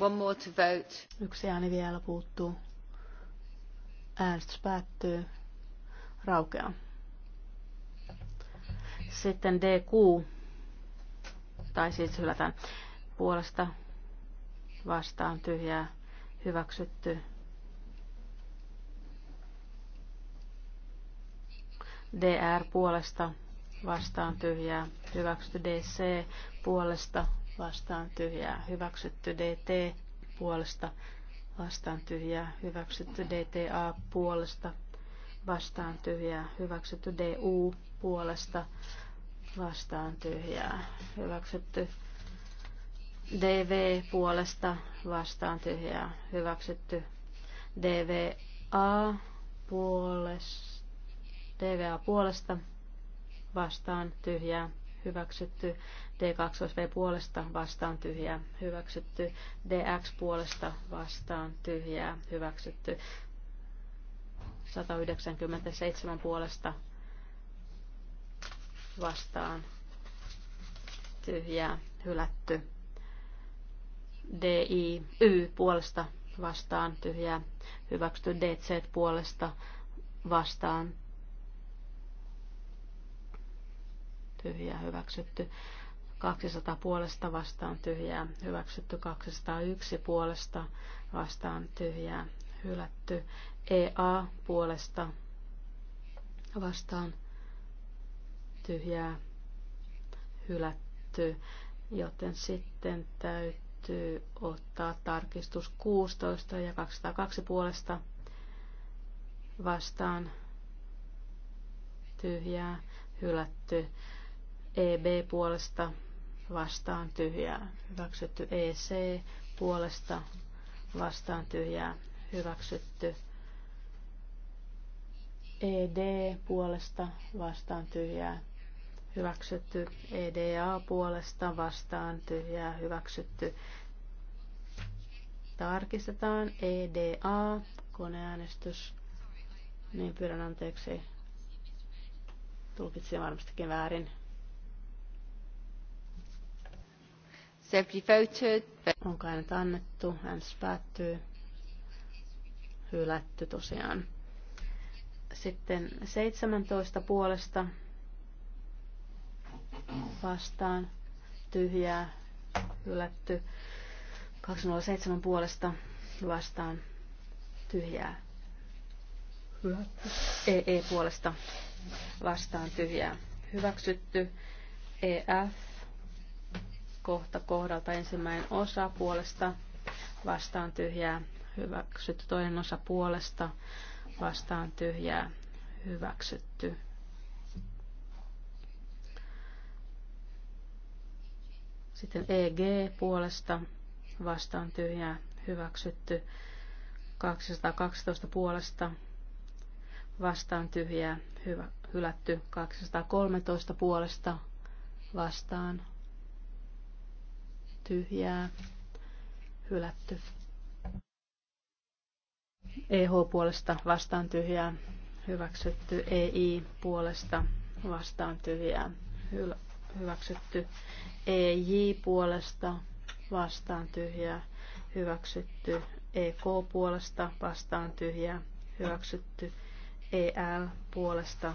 One more to vote. Yksi ääni vielä puuttuu. Äänestys päättyy. Raukeaa. Sitten DQ, tai siis hylätään puolesta vastaan tyhjää hyväksytty. DR puolesta vastaan tyhjää hyväksytty. DC puolesta vastaan tyhjää hyväksytty. DT puolesta vastaan tyhjää hyväksytty. DTA puolesta vastaan tyhjää hyväksytty. DU puolesta vastaan tyhjää. Hyväksytty. DV puolesta vastaan tyhjää. Hyväksytty. DVA puolesta. DVA puolesta vastaan tyhjää. Hyväksytty. D2V puolesta vastaan tyhjää. Hyväksytty. DX puolesta vastaan tyhjää. Hyväksytty. 197 puolesta vastaan tyhjää hylätty. DI Y puolesta vastaan tyhjää hyväksytty. DC puolesta vastaan tyhjää hyväksytty. 200 puolesta vastaan tyhjää hyväksytty. 201 puolesta vastaan tyhjää hylätty. EA puolesta vastaan tyhjää tyhjää hylätty, joten sitten täytyy ottaa tarkistus 16 ja 202 puolesta vastaan tyhjää hylätty, EB puolesta vastaan tyhjää hyväksytty, EC puolesta vastaan tyhjää hyväksytty. ED puolesta vastaan tyhjää hyväksytty. EDA puolesta vastaan tyhjää hyväksytty. Tarkistetaan EDA, koneäänestys. Niin pyydän anteeksi. Tulkitsin varmastikin väärin. Onko äänet annettu? Äänestys päättyy. Hylätty tosiaan. Sitten 17 puolesta vastaan tyhjää hylätty. 207 puolesta vastaan tyhjää hylätty. EE e puolesta vastaan tyhjää hyväksytty. EF kohta kohdalta ensimmäinen osa puolesta vastaan tyhjää hyväksytty. Toinen osa puolesta vastaan tyhjää hyväksytty. Sitten EG puolesta vastaan tyhjää hyväksytty. 212 puolesta vastaan tyhjää hyvä, hylätty. 213 puolesta vastaan tyhjää hylätty. EH puolesta vastaan tyhjää hyväksytty. EI puolesta vastaan tyhjää hylätty hyväksytty. EJ puolesta vastaan tyhjää, hyväksytty. EK puolesta vastaan tyhjää, hyväksytty. EL puolesta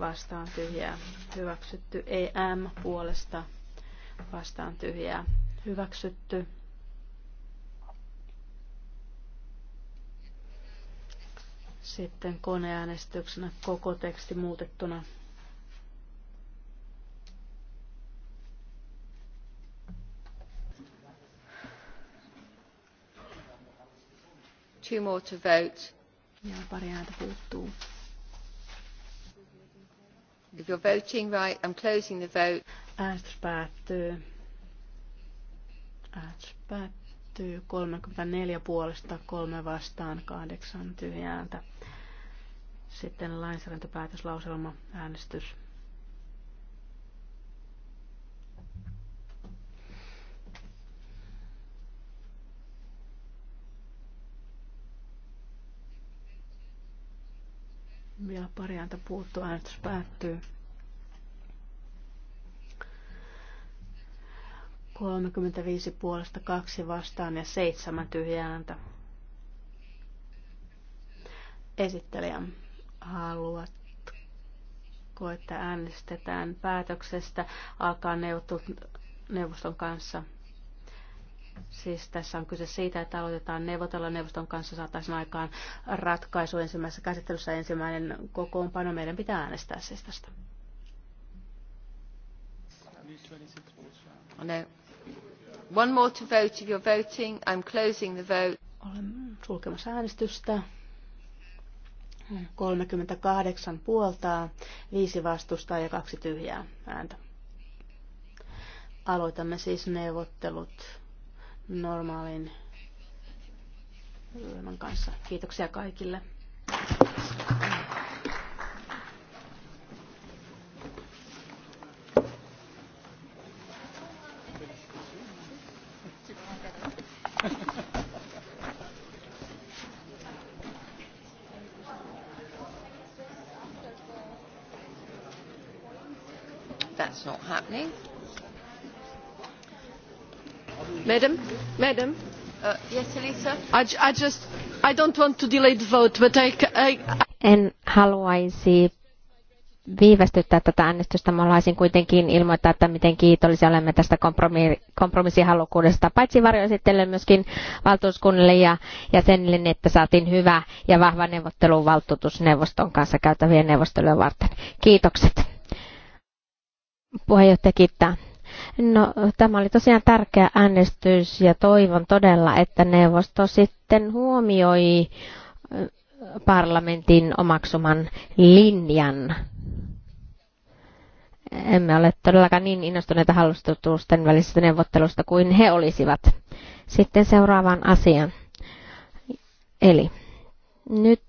vastaan tyhjää, hyväksytty. EM puolesta vastaan tyhjää, hyväksytty. Sitten koneäänestyksenä koko teksti muutettuna two more to vote. Ja pari ääntä puuttuu. If you're voting right, I'm closing the vote. Äänestys päättyy. Äänestys päättyy 34 puolesta, kolme vastaan, kahdeksan tyhjääntä. Sitten lainsäädäntöpäätöslauselma, äänestys. Vielä pari ääntä että Äänestys päättyy. 35 puolesta, kaksi vastaan ja seitsemän tyhjää ääntä. Esittelijä, haluatko, että äänestetään päätöksestä alkaa neuvoston kanssa? Siis tässä on kyse siitä, että aloitetaan neuvotella neuvoston kanssa, saataisiin aikaan ratkaisu ensimmäisessä käsittelyssä ensimmäinen kokoonpano. Meidän pitää äänestää siis tästä. No. One more to vote if you're voting. I'm closing the vote. Olen sulkemassa äänestystä. 38 puoltaa, 5 vastustaa ja 2 tyhjää ääntä. Aloitamme siis neuvottelut normaalin ryhmän kanssa. Kiitoksia kaikille. Madam, Madam, uh, Elisa. I, just, I don't want to delay the vote, but I, I... En haluaisi viivästyttää tätä äänestystä. Mä haluaisin kuitenkin ilmoittaa, että miten kiitollisia olemme tästä kompromissihalukkuudesta, paitsi varjoesittelylle myöskin valtuuskunnille ja jäsenille, niin että saatiin hyvä ja vahva neuvottelu valtuutusneuvoston kanssa käytävien neuvostelujen varten. Kiitokset. Puheenjohtaja kiittää. No, tämä oli tosiaan tärkeä äänestys ja toivon todella, että neuvosto sitten huomioi parlamentin omaksuman linjan. Emme ole todellakaan niin innostuneita hallustutusten välisestä neuvottelusta kuin he olisivat. Sitten seuraavaan asiaan. Eli nyt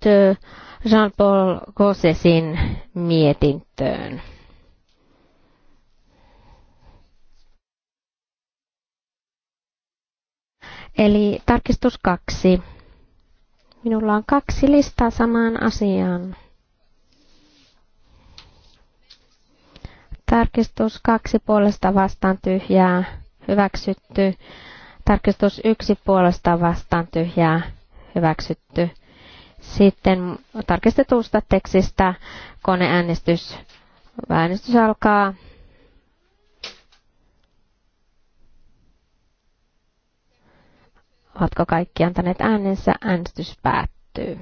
Jean-Paul Gossesin mietintöön. Eli tarkistus kaksi. Minulla on kaksi listaa samaan asiaan. Tarkistus kaksi puolesta vastaan tyhjää, hyväksytty. Tarkistus yksi puolesta vastaan tyhjää, hyväksytty. Sitten tarkistetusta tekstistä koneäänestys. Äänestys alkaa. Ovatko kaikki antaneet äänensä? Äänestys päättyy.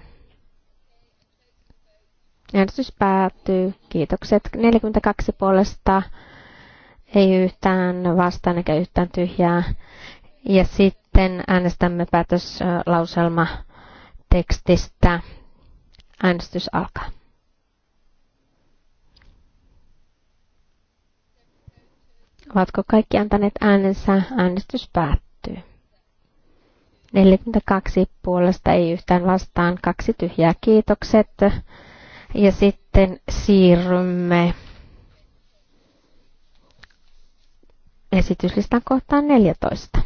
Äänestys päättyy. Kiitokset. 42 puolesta. Ei yhtään vastaan eikä yhtään tyhjää. Ja sitten äänestämme päätöslauselma tekstistä. Äänestys alkaa. Ovatko kaikki antaneet äänensä? Äänestys päättyy. 42 puolesta ei yhtään vastaan, kaksi tyhjää kiitokset. Ja sitten siirrymme esityslistan kohtaan 14.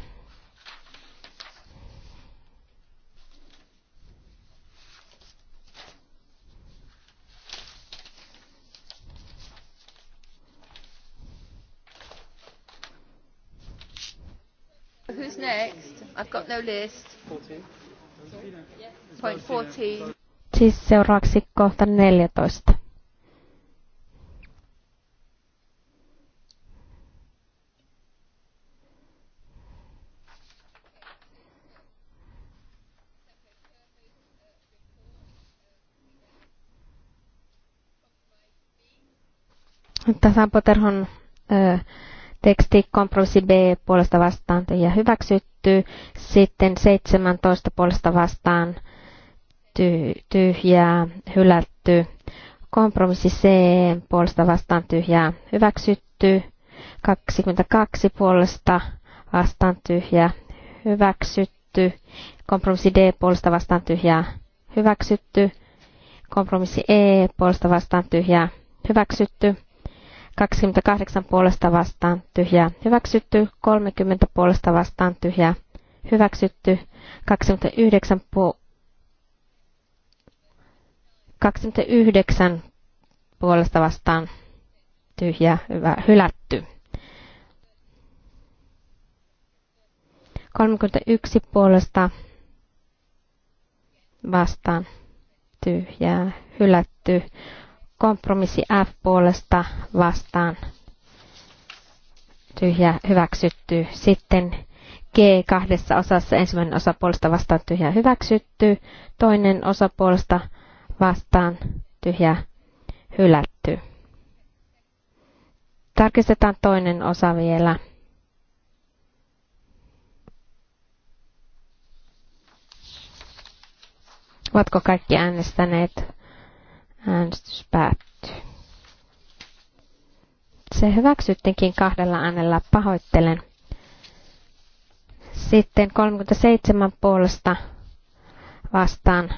Who's next? I've got no list. 14. Point 14. Siis seuraavaksi kohta 14. Tässä on Poterhon teksti kompromissi B puolesta vastaan tyhjä hyväksytty, sitten 17 puolesta vastaan tyhjää hylätty, kompromissi C puolesta vastaan tyhjää hyväksytty, 22 puolesta vastaan tyhjä hyväksytty, kompromissi D puolesta vastaan tyhjää hyväksytty, kompromissi E puolesta vastaan tyhjää hyväksytty, 28 puolesta vastaan tyhjää hyväksytty, 30 puolesta vastaan tyhjää hyväksytty, 29, pu- 29 puolesta vastaan tyhjää hyvä, hylätty. 31 puolesta vastaan tyhjää hylätty. Kompromissi F puolesta vastaan tyhjä hyväksytty. Sitten G kahdessa osassa ensimmäinen osa puolesta vastaan tyhjä hyväksytty, toinen osa puolesta vastaan tyhjä hylätty. Tarkistetaan toinen osa vielä. Ovatko kaikki äänestäneet? Äänestys päättyy. Se hyväksyttiinkin kahdella äänellä, pahoittelen. Sitten 37 puolesta vastaan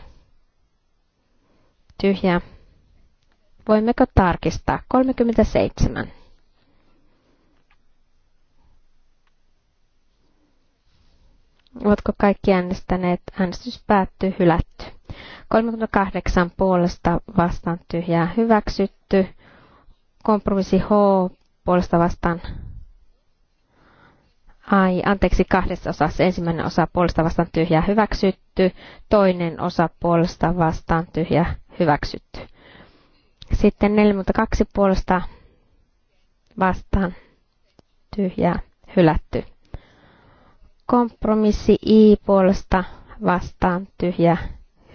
tyhjä. Voimmeko tarkistaa? 37. Ovatko kaikki äänestäneet? Äänestys päättyy, hylätty. 38 puolesta vastaan tyhjää hyväksytty. Kompromissi H puolesta vastaan. Ai, anteeksi, kahdessa osassa. Ensimmäinen osa puolesta vastaan tyhjää hyväksytty. Toinen osa puolesta vastaan tyhjää hyväksytty. Sitten 42 puolesta vastaan tyhjää hylätty. Kompromissi I puolesta vastaan tyhjää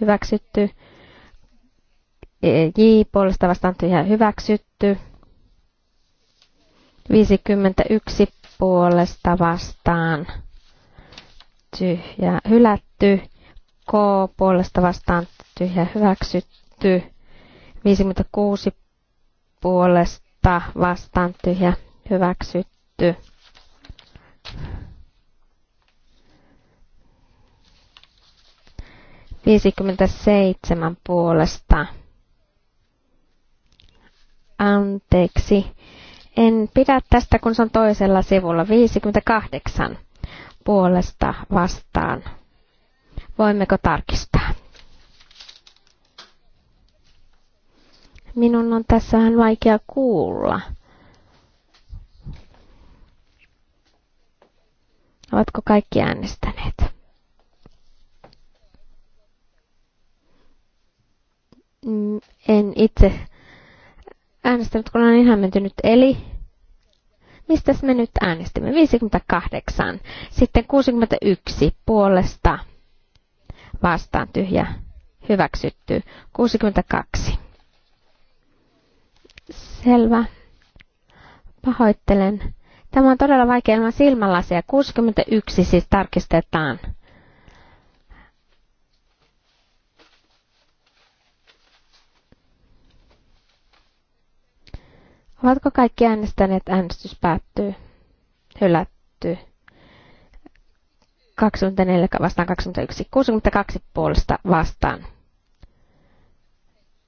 hyväksytty. E, J puolesta vastaan tyhjä hyväksytty. 51 puolesta vastaan tyhjä hylätty. K puolesta vastaan tyhjä hyväksytty. 56 puolesta vastaan tyhjä hyväksytty. 57 puolesta. Anteeksi. En pidä tästä, kun se on toisella sivulla. 58 puolesta vastaan. Voimmeko tarkistaa? Minun on tässä vähän vaikea kuulla. Ovatko kaikki äänestä? Mm, en itse äänestänyt, kun olen ihan niin mentynyt. Eli mistä me nyt äänestimme? 58. Sitten 61 puolesta vastaan tyhjä hyväksytty. 62. Selvä. Pahoittelen. Tämä on todella vaikea ilman silmälasia. 61 siis tarkistetaan. Ovatko kaikki äänestäneet? Äänestys päättyy. Hylätty. 24 vastaan 21. 62 puolesta vastaan.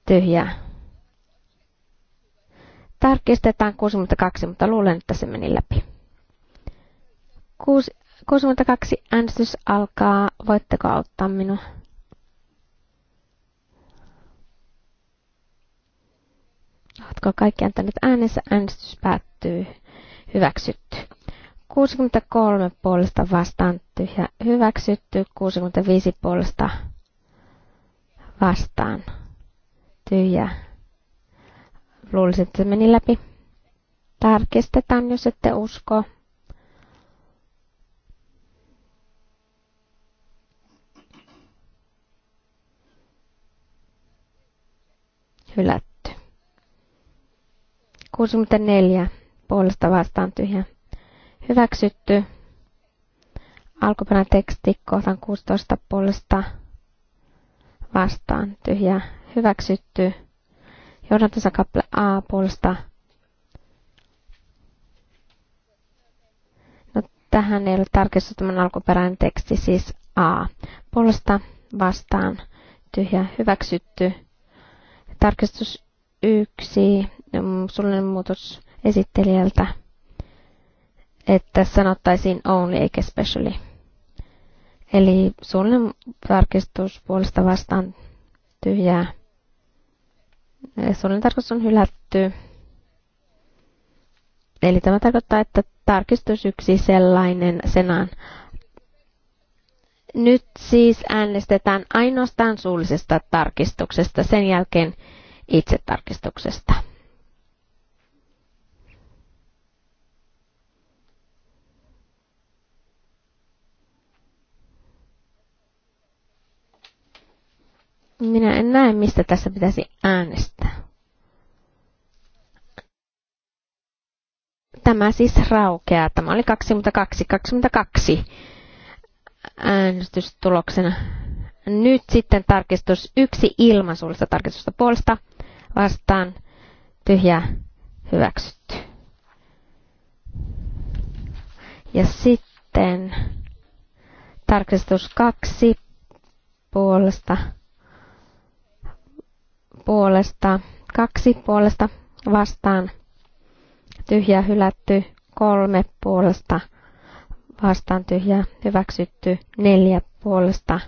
Tyhjä. Tarkistetaan 62, mutta luulen, että se meni läpi. 62 äänestys alkaa. Voitteko auttaa minua? Oletko kaikki antaneet äänensä? Äänestys päättyy. Hyväksytty. 63 puolesta vastaan tyhjä hyväksytty. 65 puolesta vastaan tyhjä. Luulisin, että se meni läpi. Tarkistetaan, jos ette usko. Hylätty. 64 puolesta vastaan tyhjä. Hyväksytty. Alkuperäinen teksti kohtaan 16 puolesta vastaan tyhjä. Hyväksytty. kappale A puolesta. No, tähän ei ole tarkistettu tämän alkuperäinen teksti, siis A. Puolesta vastaan tyhjä. Hyväksytty. Tarkistus yksi mm, suullinen muutos esittelijältä, että sanottaisiin only eikä specially. Eli suullinen tarkistus puolesta vastaan tyhjää. Suullinen tarkistus on hylätty. Eli tämä tarkoittaa, että tarkistus yksi sellainen senaan. Nyt siis äänestetään ainoastaan suullisesta tarkistuksesta. Sen jälkeen itsetarkistuksesta. Minä en näe, mistä tässä pitäisi äänestää. Tämä siis raukeaa. Tämä oli 22, 22 äänestystuloksena. Nyt sitten tarkistus yksi ilmaisuudesta tarkistusta puolesta vastaan tyhjä hyväksytty. Ja sitten tarkistus kaksi puolesta puolesta kaksi puolesta vastaan tyhjä hylätty kolme puolesta vastaan tyhjä hyväksytty neljä puolesta.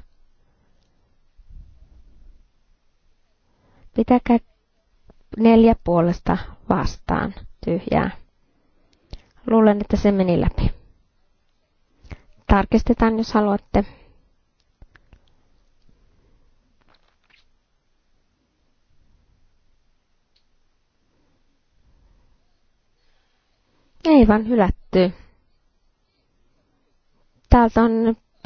Pitäkää neljä puolesta vastaan tyhjää. Luulen, että se meni läpi. Tarkistetaan, jos haluatte. Ei vaan hylätty. Täältä on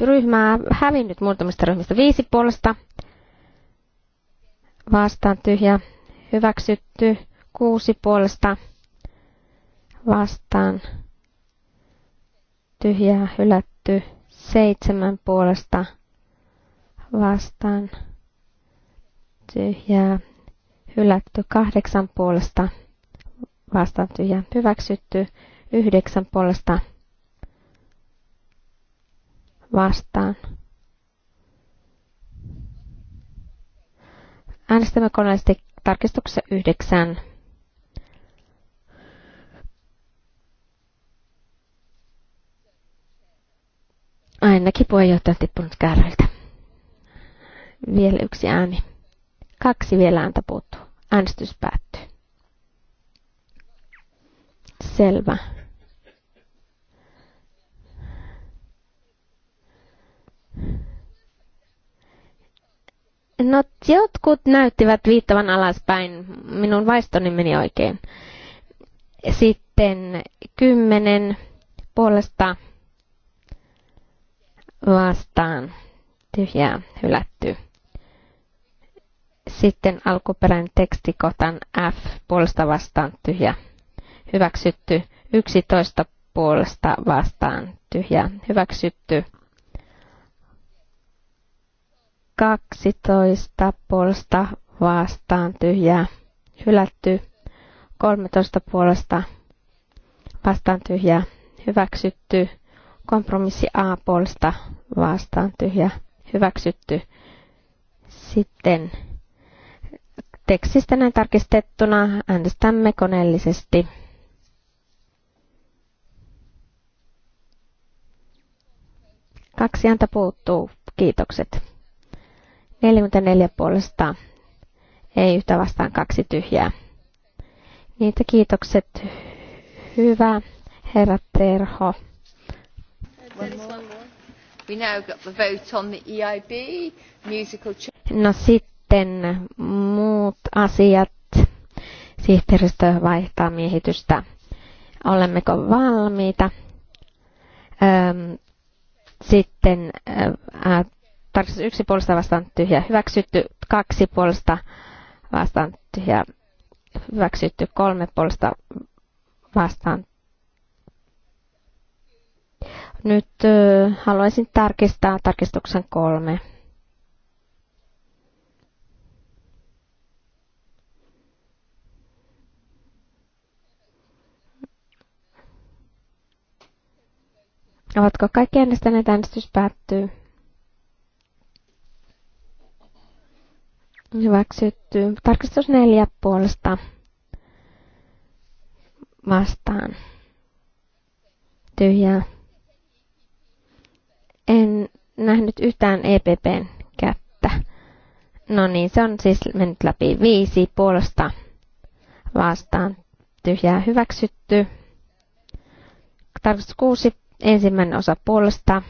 ryhmää hävinnyt muutamista ryhmistä viisi puolesta. Vastaan tyhjää hyväksytty kuusi puolesta vastaan tyhjää hylätty seitsemän puolesta vastaan tyhjää hylätty kahdeksan puolesta vastaan tyhjää hyväksytty yhdeksän puolesta vastaan. Äänestämme koneellisesti tarkistuksessa yhdeksän. Ainakin puheenjohtaja on tippunut kärryiltä. Vielä yksi ääni. Kaksi vielä ääntä puuttuu. Äänestys päättyy. Selvä. Thank you. No, jotkut näyttivät viittavan alaspäin. Minun vaistoni meni oikein. Sitten kymmenen puolesta vastaan. Tyhjää hylätty. Sitten alkuperäinen tekstikotan F puolesta vastaan tyhjä. Hyväksytty. 11 puolesta vastaan tyhjä. Hyväksytty. 12 puolesta vastaan tyhjää hylätty. 13 puolesta vastaan tyhjää hyväksytty. Kompromissi A puolesta vastaan tyhjää hyväksytty. Sitten tekstistä näin tarkistettuna äänestämme koneellisesti. Kaksi ääntä puuttuu. Kiitokset. 44 puolesta, ei yhtä vastaan kaksi tyhjää. Niitä kiitokset. Hyvä, herra Terho. E no sitten muut asiat. Sihteeristö vaihtaa miehitystä. Olemmeko valmiita? Öm, sitten ää, Tarkistus yksi puolesta vastaan tyhjä hyväksytty, kaksi puolesta vastaan tyhjä hyväksytty, kolme puolesta vastaan. Nyt ö, haluaisin tarkistaa tarkistuksen kolme. Ovatko kaikki äänestäneet? Äänestys päättyy. Hyväksytty. Tarkistus neljä puolesta vastaan. Tyhjää. En nähnyt yhtään EPPn kättä. No niin, se on siis mennyt läpi viisi puolesta vastaan. Tyhjää hyväksytty. Tarkistus kuusi. Ensimmäinen osa puolesta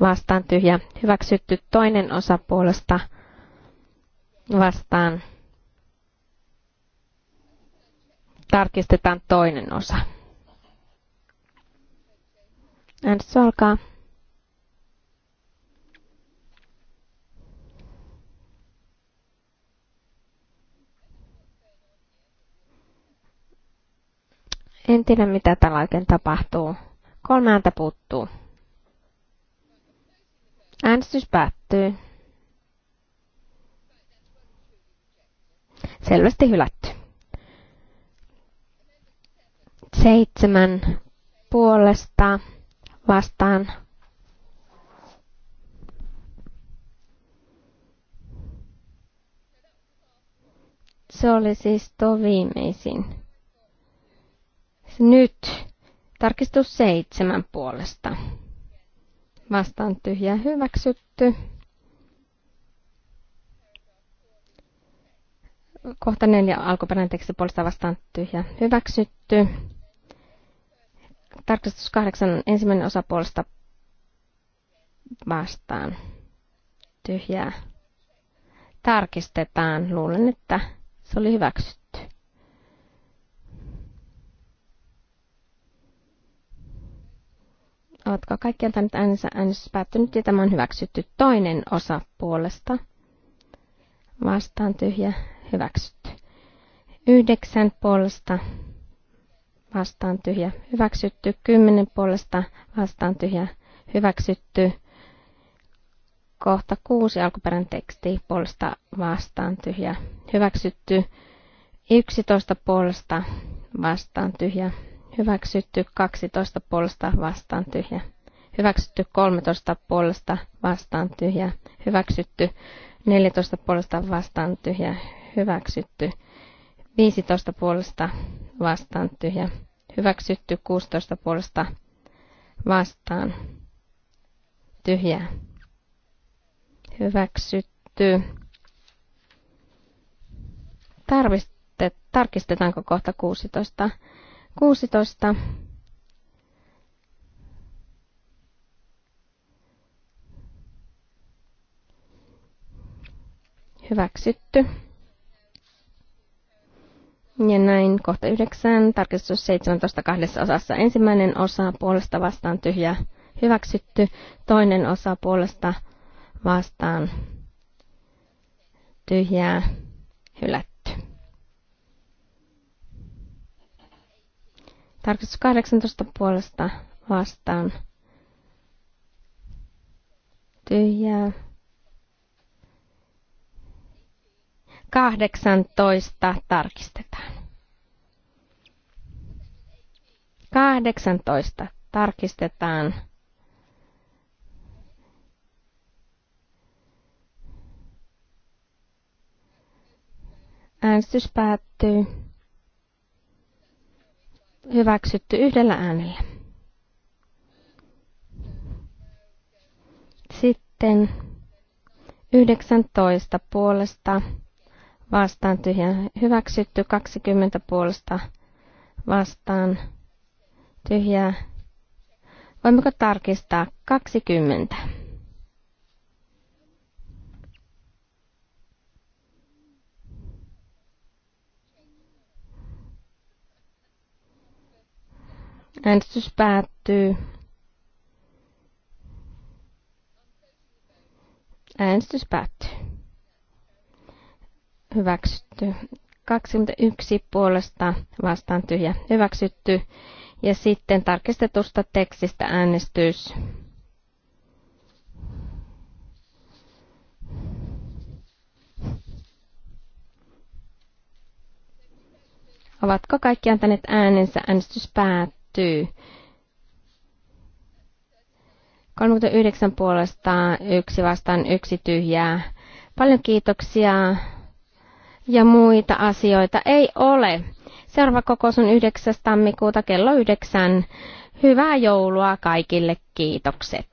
vastaan tyhjä. Hyväksytty toinen osa puolesta vastaan. Tarkistetaan toinen osa. Äänestys alkaa. En tiedä, mitä tällä oikein tapahtuu. Kolme ääntä puuttuu. Äänestys päättyy. selvästi hylätty. Seitsemän puolesta vastaan Se oli siis tuo viimeisin. Nyt tarkistus seitsemän puolesta. Vastaan tyhjä hyväksytty. Kohta neljä alkuperäinen teksti puolesta vastaan tyhjä hyväksytty. Tarkastus kahdeksan ensimmäinen osa puolesta vastaan tyhjää. Tarkistetaan. Luulen, että se oli hyväksytty. Oletko kaikki antaneet äänensä äänestys päättynyt ja tämä on hyväksytty toinen osa puolesta. Vastaan tyhjä hyväksytty. Yhdeksän puolesta vastaan tyhjä hyväksytty. Kymmenen puolesta vastaan tyhjä hyväksytty. Kohta kuusi alkuperän teksti puolesta vastaan tyhjä hyväksytty. Yksitoista puolesta vastaan tyhjä hyväksytty. Kaksitoista puolesta vastaan tyhjä hyväksytty Kolmetoista puolesta vastaan tyhjä, hyväksytty 14 puolesta vastaan tyhjä, hyväksytty. 15 puolesta vastaan tyhjä hyväksytty. 16 puolesta vastaan tyhjää hyväksytty. Tarviste, tarkistetaanko kohta 16? 16. Hyväksytty. Ja näin kohta yhdeksän, tarkistus 17 kahdessa osassa. Ensimmäinen osa puolesta vastaan tyhjä hyväksytty, toinen osa puolesta vastaan tyhjää hylätty. Tarkistus 18 puolesta vastaan tyhjää 18 tarkistetaan. 18 tarkistetaan. Äänestys päättyy. Hyväksytty yhdellä äänellä. Sitten 19 puolesta vastaan tyhjää hyväksytty, 20 puolesta vastaan tyhjää. Voimmeko tarkistaa 20? Äänestys päättyy. Äänestys päättyy hyväksytty. 21 puolesta vastaan tyhjä hyväksytty. Ja sitten tarkistetusta tekstistä äänestys. Ovatko kaikki antaneet äänensä? Äänestys päättyy. 39 puolesta, yksi vastaan, yksi tyhjää. Paljon kiitoksia ja muita asioita ei ole. Seuraava kokous on 9. tammikuuta kello 9. Hyvää joulua kaikille, kiitokset.